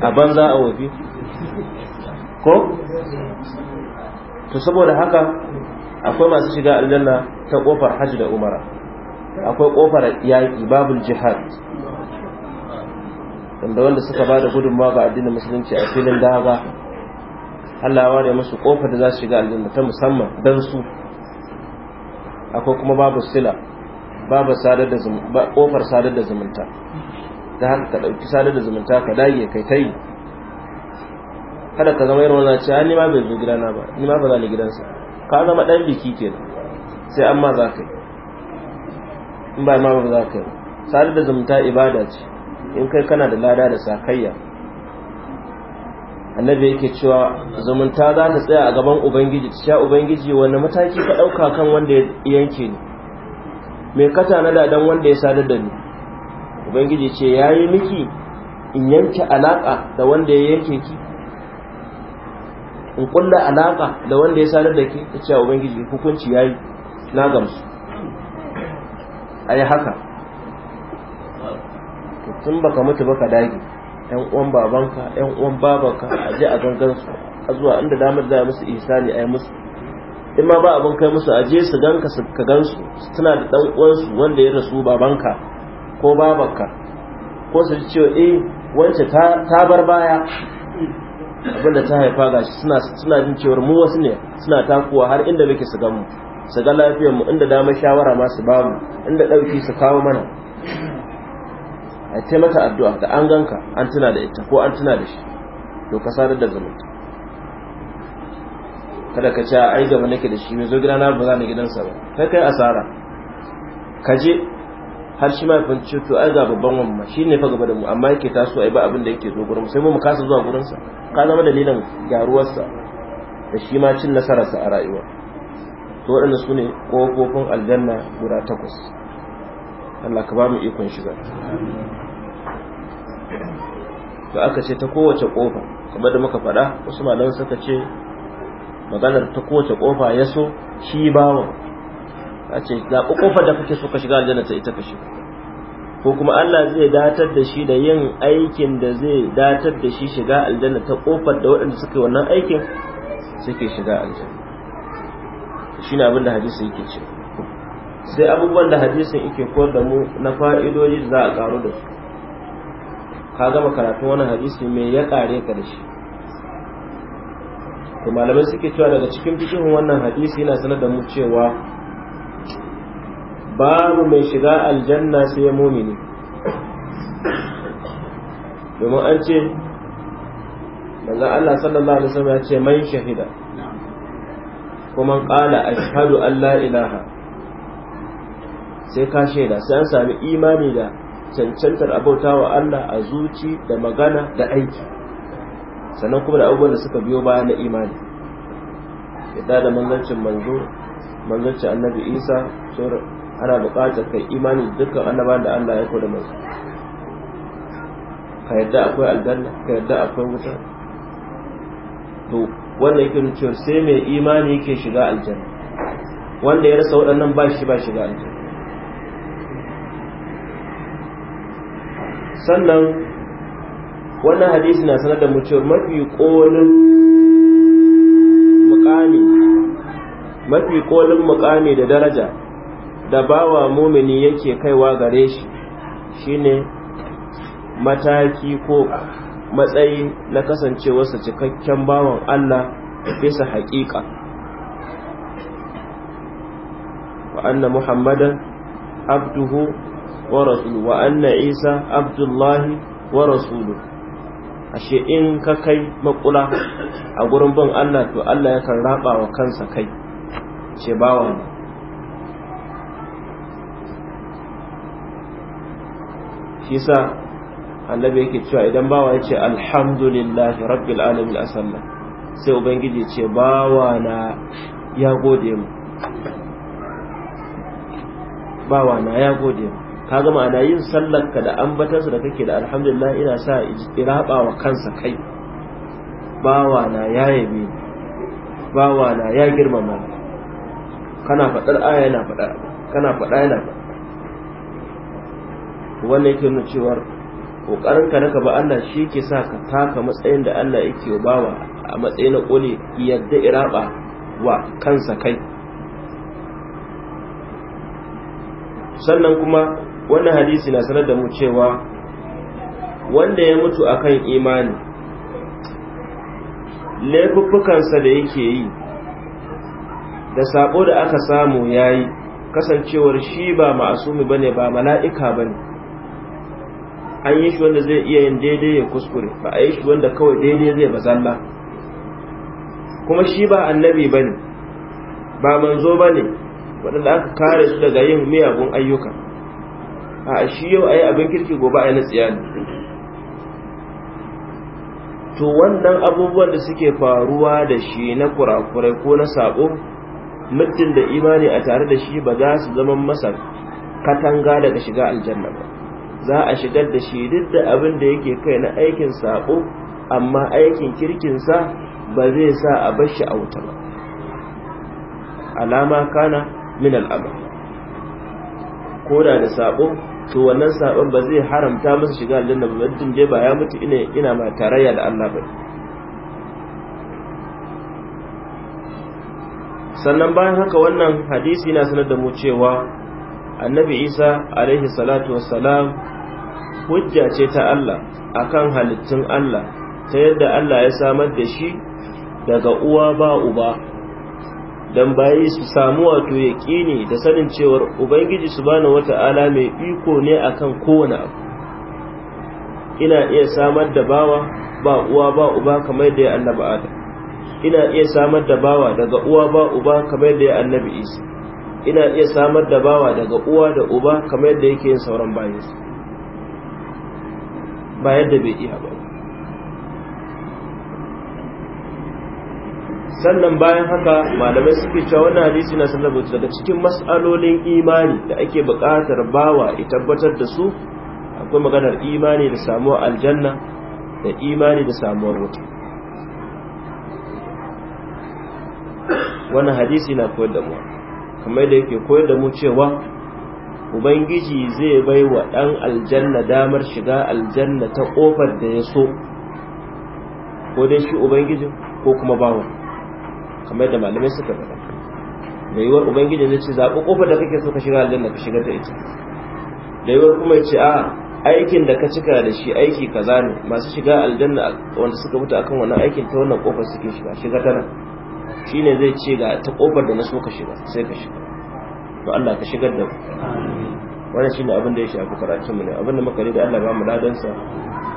a banza a wafi ko to saboda haka akwai masu shiga aljanna ta kofar hajji da umara akwai kofar yaƙi babul jihad wanda wanda suka ba da gudunmawa ga addinin musulunci a filin daga Allah ware musu kofar da za su shiga aljanna ta musamman dan su akwai kuma babu sila babu sadar da zumunta kofar sadar da zumunta ta haka ka dauki sadar da zumunta ka dage kai tai kada ka zama irin wannan cewa ni ma bai zo gidana ba ni ma ba za ni gidansa ka zama dan biki ke sai amma za ka yi in ba ma ba za ka yi sadar da zumunta ibada ce in kai kana da lada da sakayya annabi yake cewa zumunta za ta tsaya a gaban ubangiji ta ubangiji wani mataki ka ɗauka kan wanda ya yanke ni mai kata na dadan wanda ya sadar da ni ubangiji ce ya yi miki in yanke alaƙa da wanda ya yanke ki in kulla alaƙa da wanda ya sadar da ki ta ce ubangiji hukunci ya yi na gamsu a yi haka tun baka mutu baka dage yan uwan babanka yan uwan babanka a je a gangan su a zuwa inda damar da musu ihsani a yi musu in ma ba abin kai musu aje su ganka su ka gansu suna da dan uwansu wanda ya rasu babanka ko babanka ko su ji cewa eh wance ta bar baya abinda ta haifa shi suna suna jin cewa mu wasu ne suna takuwa har inda muke su gamu su ga lafiyar mu inda dama shawara ma su bamu inda dauki su kawo mana a taimaka addu'a da an ganka an tuna da ita ko an tuna da shi to ka sadar da zumunta kada ka ce ai gaba nake da shi mai zo gidana ba za ni gidansa ba kai kai asara ka je har shi ma fin to ai ga babban wamma shi ne fa gaba da mu amma yake taso ai ba abin da yake zo gurin sai mu mu kasa zuwa gurin sa ka zama dalilin gyaruwarsa da shi ma cin nasararsa a rayuwa to waɗanda su ne ƙofofin aljanna guda takwas Allah ka ba mu ikon shiga to aka ce ta kowace kofa kamar da muka faɗa wasu malaman suka ce maganar ta kowace kofa ya so shi bawan a ce zaɓi kofar da kake so ka shiga aljanna ta ita ka shiga ko kuma Allah zai datar da shi da yin aikin da zai datar da shi shiga aljanna ta kofar da waɗanda suka yi wannan aikin suke shiga aljanna shi ne abin da hadisi yake ce sai abubuwan da hadisin yake koyar da mu na fa'idoji za a karu da su ka gama karatun wani hadisi mai ya kare ka da shi to malamai suke cewa daga cikin fikihun wannan hadisi yana sanar da mu cewa babu mai shiga aljanna sai mumini domin an ce manzon Allah sallallahu alaihi wasallam ya ce mai shahida kuma qala ashhadu an la ilaha sai ka shaida sai an sami imani da cancantar abautawa Allah a zuci da magana da aiki sannan kuma da abubuwan da suka biyo baya na imani yadda da manzancin manzo manzancin annabi isa sauran ana buƙatar kai imani dukkan annabawan da Allah ya koda masu ka yadda akwai aljanna ka yadda akwai wuta to wanda yake nuna sai mai imani yake shiga aljanna wanda ya rasa waɗannan ba shi ba shiga aljanna sannan wannan hadisi na sanar da mu mafi kolin mukami mafi kolin mukami da daraja da bawa mumini yake kaiwa gare shi shine mataki ko matsayi na kasancewarsa cikakken bawan Allah bisa haƙiƙa wa anna muhammadan abduhu wa rasulu wa anna isa abdullahi wa rasulu ashe in ka kai makula a gurin bin Allah to Allah yakan raba wa kansa kai ce bawa ne shi sa annabi yake cewa idan bawa ya ce alhamdulillahi rabbil alamin asalla sai ubangiji ce bawa na ya gode mu bawa na ya gode mu ka ga ma'ana yin sallar ka da ambatarsa da kake da alhamdulillah ina sa iraba wa kansa kai bawa na ya yabe bawa na ya girmama kana faɗar aya yana faɗa kana faɗa yana faɗa wannan yake nuna cewar kokarin ka naka ba Allah shi yake sa ka taka matsayin da Allah yake wa bawa a matsayin na kone yadda iraba wa kansa kai sannan kuma wannan hadisi na sanar da mu cewa wanda ya mutu akan imani laifuffukansa da yake yi da sabo da aka samu yayi kasancewar shi ba ma'asumi bane ba mala'ika bane an yi shi wanda zai iya yin daidai ya kuskure ba a yi shi wanda kawai daidai zai bazalla kuma shi ba annabi bane ba manzo bane waɗanda aka kare su daga yin miyagun ayyuka a shi yau a yi abin kirki gobe a yi na tsiyani to wannan abubuwan da suke faruwa da shi na kurakurai ko na sabo mutum da imani a tare da shi ba za su zama masa katanga daga shiga aljanna ba za a shigar da shi duk da abin da yake kai na aikin sabo amma aikin kirkinsa ba zai sa a bar shi a wuta ba alama kana min al'amal ko da da sabo to wannan sabon ba zai haramta masa shiga aljanna ba wajen je ba ya mutu ina ina ma tarayya da Allah ba sannan bayan haka wannan hadisi yana sanar da mu cewa annabi Isa alaihi salatu wassalam hujja ce ta Allah akan halittun Allah ta yadda Allah ya samar da shi daga uwa ba uba dan bayi su samu wato yaqini da sanin cewar ubangiji subhanahu wata'ala mai iko ne akan kowane abu ina iya samar da bawa ba uwa ba uba kamar da ya annabi adam ina iya samar da bawa daga uwa ba uba kamar da ya annabi isa ina iya samar da bawa daga uwa da uba kamar da yake yin sauran bayinsa ba yadda bai iya ba sannan bayan haka malamai suke cewa wannan hadisi na sanar da daga cikin mas'alolin imani da ake buƙatar bawa ya tabbatar da su akwai maganar imani da samuwar aljanna da imani da samuwar wuta wannan hadisi na koyar da mu kamar da yake koyar da mu cewa ubangiji zai bai wa ɗan aljanna damar shiga aljanna ta ƙofar da ya so ko dai shi ubangijin ko kuma bawan kamar da malamai suka faɗa da yiwuwar ubangiji zai ce zaɓi ƙofar da kake so ka shiga aljanna ka shiga ta ita da yiwuwar kuma ce a aikin da ka cika da shi aiki kaza ne masu shiga aljanna wanda suka mutu akan wannan aikin ta wannan ƙofar suke shiga shiga tana shine zai ce ga ta ƙofar da na so ka shiga sai ka shiga to Allah ka shigar da mu wannan shine abin da ya shafi karatun mu ne abin da muka da Allah ba mu ladansa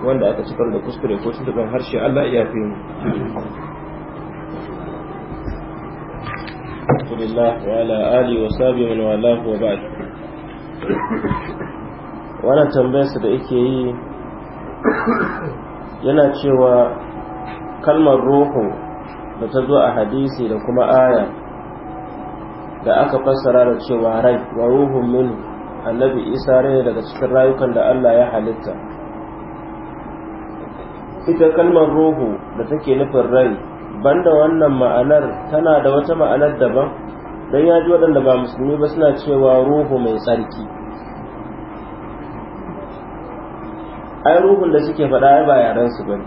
wanda aka cikar da kuskure ko tuntuban harshe Allah ya fi mu رسول الله وعلى آله وصحبه من والاه وبعد tambayarsa da yake yi yana cewa kalmar ruhu da ta zo a hadisi da kuma aya da aka fassara da cewa rai wa ruhun min annabi isa rai daga cikin rayukan da allah ya halitta ita kalmar ruhu da take nufin rai banda wannan ma'anar tana da wata ma'anar daban don ya ji waɗanda ba musulmi ba suna cewa ruhu mai tsarki ai ruhun da suke faɗa ai ba yaren su bane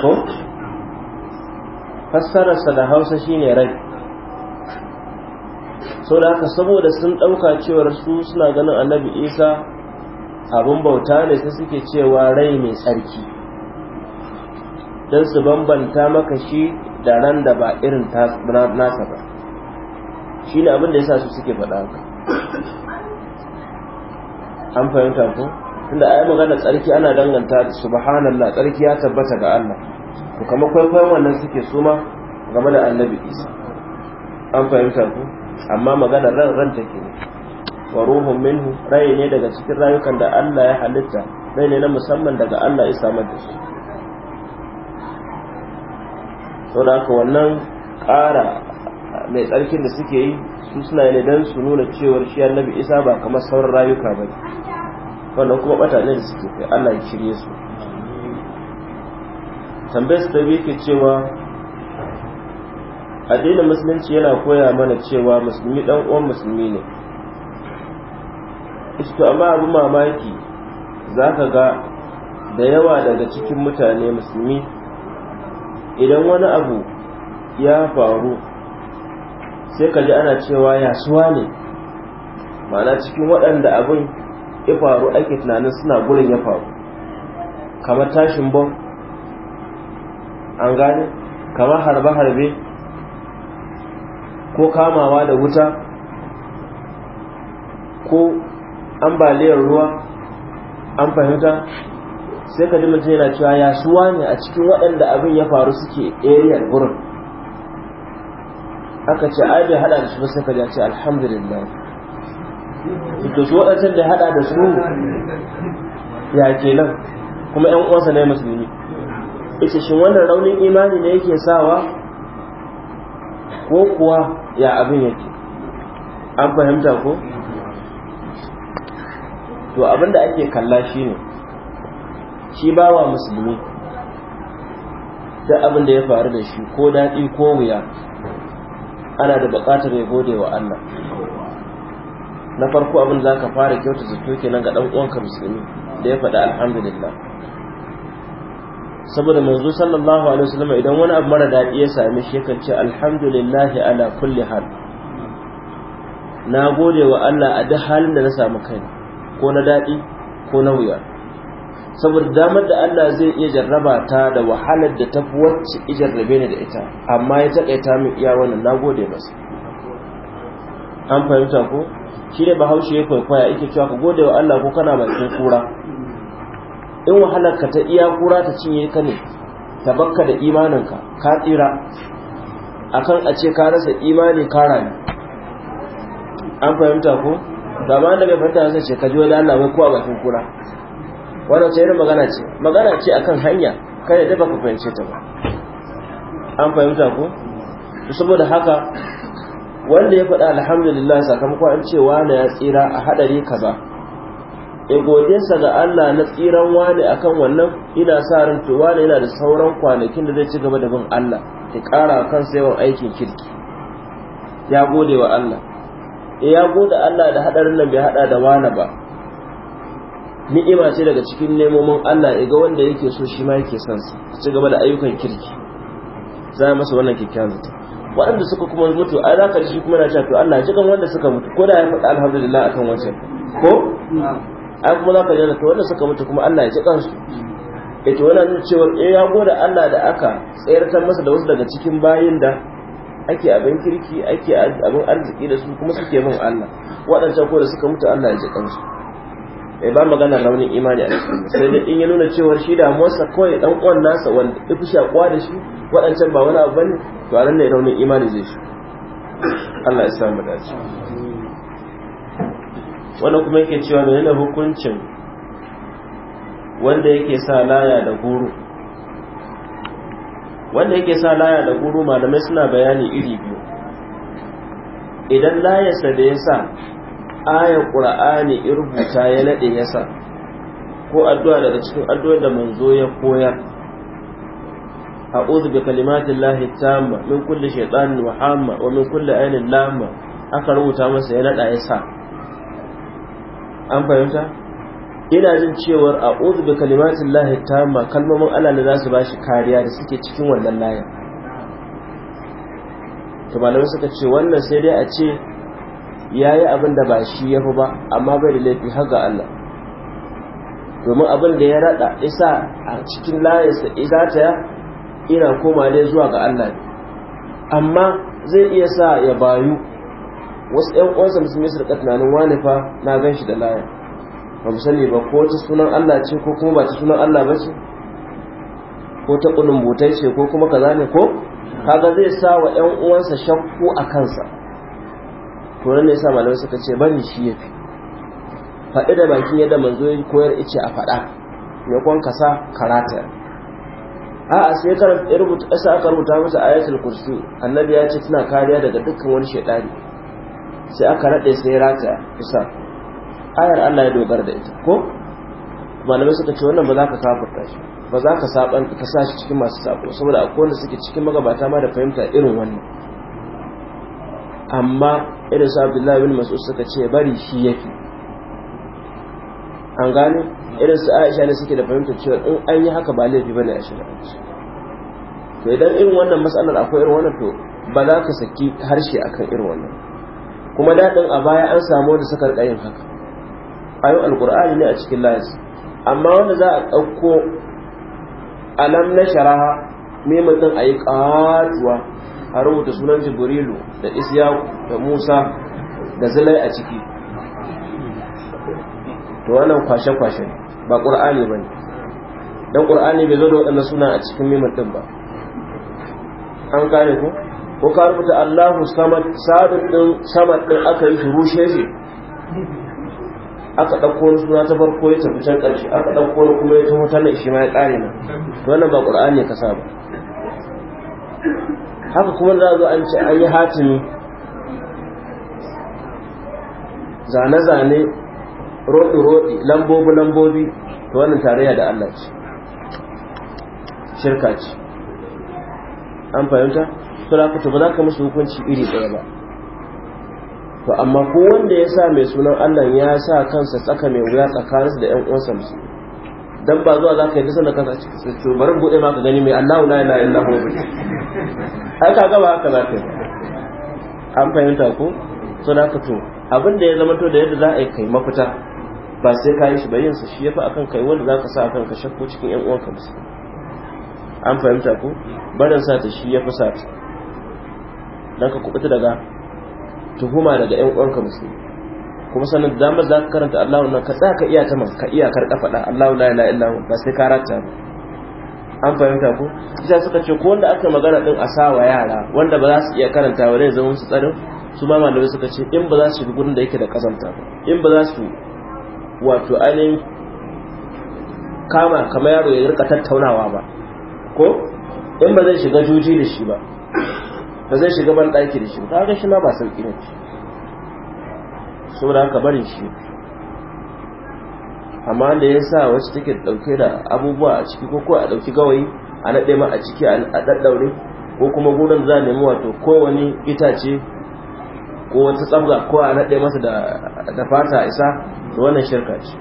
ko fassararsa da hausa shine rai so da haka saboda sun ɗauka cewar su suna ganin annabi isa abin bauta ne sai suke cewa rai mai tsarki don su bambanta maka shi da ran da ba irin nasa ba shi ne abin ya sa su suke faɗa haka an fahimta ko tunda a yi magana tsarki ana danganta da subhanallah tsarki ya tabbata ga Allah to kamar kwaikwayon wannan suke suma game da annabi isa an fahimta ko amma magana ran ran take ne wa ruhun minhu rai ne daga cikin rayukan da Allah ya halitta rai ne na musamman daga Allah ya samar da su saboda haka wannan ƙara mai tsarkin da suke yi su suna ne don su nuna cewar shi annabi isa ba kamar sauran rayuka ba wannan kuma bata da suke kai allah ya shirye su tambayar su ta biyu ke cewa addinin musulunci yana koya mana cewa musulmi dan uwan musulmi ne isto amma abu mamaki za ka ga da yawa daga cikin mutane musulmi idan wani abu ya faru sai ka ji ana cewa yasuwa ne ma'ana cikin waɗanda abin ya faru ake tunanin suna gurin ya faru kamar tashin bom an gane kamar harbe-harbe ko kamawa da wuta ko ambaliyar ruwa an fahimta sai ka ji mutum yana cewa yasuwa ne a cikin waɗanda abin ya faru suke ariyar gurin aka ce ai bai hada da su ba sai ka ce alhamdulillah to su waɗancan da hada da su ya nan kuma yan uwansa ne musulmi ita shin wannan raunin imani ne yake sawa ko kuwa ya abin yake an fahimta ko to abin da ake kalla shine shi bawa musulmi da abin da ya faru da shi ko daɗi ko wuya ana da buƙatar ya gode wa Allah na farko abin za ka fara kyauta zato kenan ga ɗan uwanka musulmi da ya faɗi alhamdulillah saboda manzo sallallahu alaihi wasallam idan wani abu mara dadi ya sami shi yakan ce alhamdulillah ala kulli hal na gode wa Allah a duk halin da na samu kai ko na daɗi ko na wuya saboda damar da Allah zai iya jarraba ta da wahalar da ta wacce i jarrabe ni da ita amma ya takaita min iya wannan nagode masa an fahimta ko shi ne bahaushe ya kwaikwaya ake cewa ka gode wa Allah ko kana bakin kura in wahalar ka ta iya kura ta cinye ka ne ta bakka da imaninka ka tsira akan a ce ka rasa imani ka rani an fahimta ko ba ma da bai fahimta sai ce ka ji wani Allah mai kowa bakin kura wannan ce magana ce magana ce akan hanya kai da baka fahimce ta ba an fahimta ko saboda haka wanda ya faɗa alhamdulillah sakamakon an ce wani ya tsira a haɗari kaza e godiyarsa ga Allah na tsiran wani akan wannan ina sa ran to wani yana da sauran kwanakin da zai ci gaba da bin Allah ya ƙara kansa yawan aikin kirki ya gode wa Allah eh, ya gode Allah da haɗarin nan bai haɗa da wani ba ni'ima ce daga cikin nemomin Allah ga wanda yake so shi ma yake son sa ci gaba da ayyukan kirki za masa wannan kyakkyawan zato waɗanda suka kuma mutu a za ka shi kuma na cewa to Allah ya cikin wanda suka mutu ko da ya faɗi alhamdulillah akan wancan ko a kuma za ka jana to wanda suka mutu kuma Allah ya cikin su ita eh, wannan nuna cewa eh ya goda Allah da aka tsayartar masa da wasu daga cikin bayin da ake abin kirki ake abin arziki da su kuma suke bin Allah waɗancan ko da suka mutu Allah ya cikin su bai eh, ba magana raunin imani a cikin sai dai in ya nuna cewar shi da damuwarsa kawai dan uwan nasa wanda ya fi shakuwa da shi waɗancan ba wani abu bane to a ne raunin imani zai shi Allah ya samu dace Wani kuma yake cewa yana hukuncin wanda yake sa laya da guru wanda yake sa laya da guru malamai suna bayani iri biyu idan layarsa da ya sa ayar qur'ani ya ya nade ya sa ko addu'a daga cikin addu'ar da manzo ya koyar a'udhu bi kalimati llahi tamma min kulli shaytanin wahamma wa min kulli ainin lamma aka rubuta masa ya naɗa ya sa an fahimta ina jin cewar a uzu bi kalimatin lahi tamma kalmomin Allah da za su bashi kariya da suke cikin wannan layin to malamai suka ce wannan sai dai a ce Yayi yi abin da ba shi ya fi ba amma bai da laifi har ga Allah domin abin da ya raɗa isa a cikin layinsa ta ina koma dai zuwa ga Allah ne amma zai iya sa ya bayu wasu ɗan uwansa musulmi su rika tunanin wani fa na gan shi da layin. ba mu sani ba ko ta sunan Allah ce ko kuma ba ta sunan Allah ba ce ko ta ƙulumbutai ce ko kuma kaza ne ko kaga zai sa wa ‘yan uwansa shakku a kansa kuma nan ne sa malamai suka ce barin shi fi faɗi da bakin yadda manzo ya koyar ice a faɗa ya kwan kasa karata a sai ka rubuta sa aka rubuta musu ayatul kursi annabi ya ce tana kariya daga dukkan wani shaitani sai aka rade sai rata kusa ayar Allah ya dogara da ita ko malamai suka ce wannan ba za ka kafurta shi ba za ka saban ka sa shi cikin masu sako saboda akwai wanda suke cikin magabata ma da fahimta irin wannan amma irin su abdullahi bin mas'ud suka ce bari shi yafi an gane irin su aisha ne suke da fahimtar cewa in an yi haka ba laifi bane a shari'anci to idan irin wannan matsalar akwai irin wannan to ba za ka saki harshe akan irin wannan kuma daɗin a baya an samu wanda suka rika yin haka ayo alqur'ani ne a cikin layas amma wanda za a ɗauko alam na sharaha mimin a ayi katuwa a rubuta sunan jibrilu da isyaku da musa da zilai a ciki to wannan kwashe-kwashe ba ƙur'ani ba ne don ƙur'ani bai zo da waɗanda suna a cikin mimar ba an kare ku ko ka rubuta allahu sabit ɗin samad ɗin aka yi rushe shi aka ɗauko wani suna ta farko ya tafi can ƙarshe aka ɗauko wani kuma ya tafi tana shi ma ya ƙare nan, to wannan ba ƙur'ani ka saba ba haka kuma za zo an ce an yi hatimi zane-zane roɗi-roɗi lambobi-lambobi ta wannan tarayya da Allah ce shirka ce an fahimta kuta ba za ka musu hukunci iri ɗaya ba to amma ko wanda ya sa mai sunan Allah ya sa kansa tsaka mai wuya tsakaninsa da 'yan uwansa musulmi dan ba zuwa zaka yi nisan da kasa to bari bude ma ka gani mai Allahu la ilaha illa huwa ai ka gaba haka zaka yi an fahimta ko so da to abin da ya zama to da yadda za a yi kai mafita ba sai ka yi shi bayin sa shi yafi akan kai wanda zaka sa akan ka shakko cikin yan uwanka musu an fahimta ko barin sa ta shi yafi sa ta dan ka kubuta daga tuhuma daga yan uwanka musu kuma sannan damar za ka karanta Allah wannan ka tsaya ka iya ta man ka iya karka faɗa Allahu la ilaha illa ba sai ka rata ba an fahimta ko sai suka ce ko wanda aka magana din a sawa yara wanda ba za su iya karanta ba zai zama su tsarin su ma malamai suka ce in ba za su shiga gurin da yake da kazanta ba in ba za su wato ainihin kama kamar yaro ya rika tattaunawa ba ko in ba zai shiga juji da shi ba ba zai shiga ban ɗaki da shi ba kaga shi ma ba sauƙi ne saboda haka barin shi amma da ya sa wasu take dauke da abubuwa a ciki ko ko a dauki gawayi a naɗe ma a ciki a daddaure ko kuma gurin za a nemi wato kowane itace ko wata tsabga ko a naɗe masa da fata isa da wannan shirka ce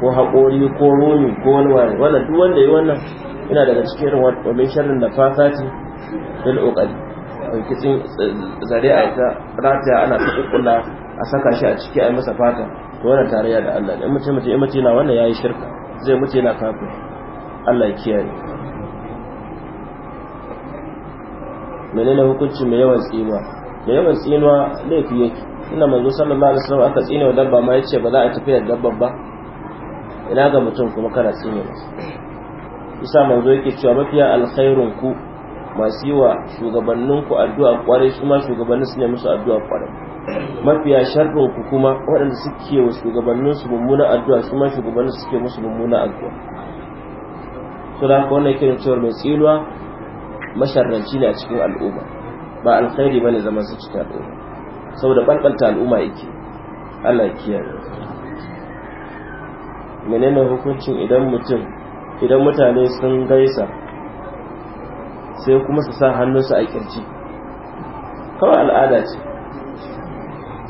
ko haƙori ko roni ko wani wani wannan duk wanda yi wannan ina daga cikin irin wannan sharrin da fasati bil ɗauki zare a ita rataya ana ta kukkula a saka shi a ciki a yi masa fata to wannan tarayya da Allah in mace mace in mace na wannan yayi shirka zai mace yana kafin Allah ya kiyaye menene hukunci mai yawan tsinuwa mai yawan tsinuwa laifi yake ina manzo sallallahu alaihi wasallam aka wa dabba ma yace ba za a tafi da dabban ba ina ga mutum kuma kana tsine masa isa manzo yake cewa mafiya alkhairun ku masu yi wa shugabanninku addu'a kwarai su ma shugabannin su ne musu addu'a kwarai mafiya sharrin ku kuma waɗanda suke wa shugabannin su mummuna addu'a su ma shugabannin suke musu mummuna addu'a to da haka wannan kiran cewa mai tsinuwa masharranci ne a cikin al'umma ba alkhairi bane zaman su cikin al'umma saboda balbalta al'umma yake Allah ya kiyaye menene hukuncin idan mutum idan mutane sun gaisa sai kuma su sa hannunsu a kirji kawai al'ada ce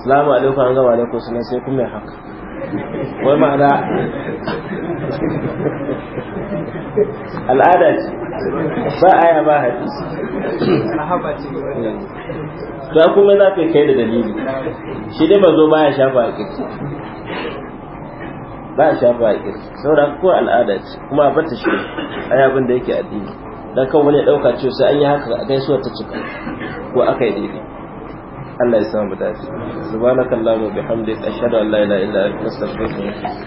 salamu alaikum an gama alaikum sunan sai kuma haka wai ma'ana al'ada ce ba aya ba hadisi za kuma za ka kai da dalili shi dai mazo ba ya shafa a kirji ba a shafa a kirji saboda kuwa al'ada ce kuma a ta shi ai abin da yake addini dan kan wani ya dauka cewa sai an yi haka gaisuwar ta cika ko aka yi daidai Allah ya samu dace subhanakallahumma bihamdika ashhadu an la ilaha illa anta astaghfiruka wa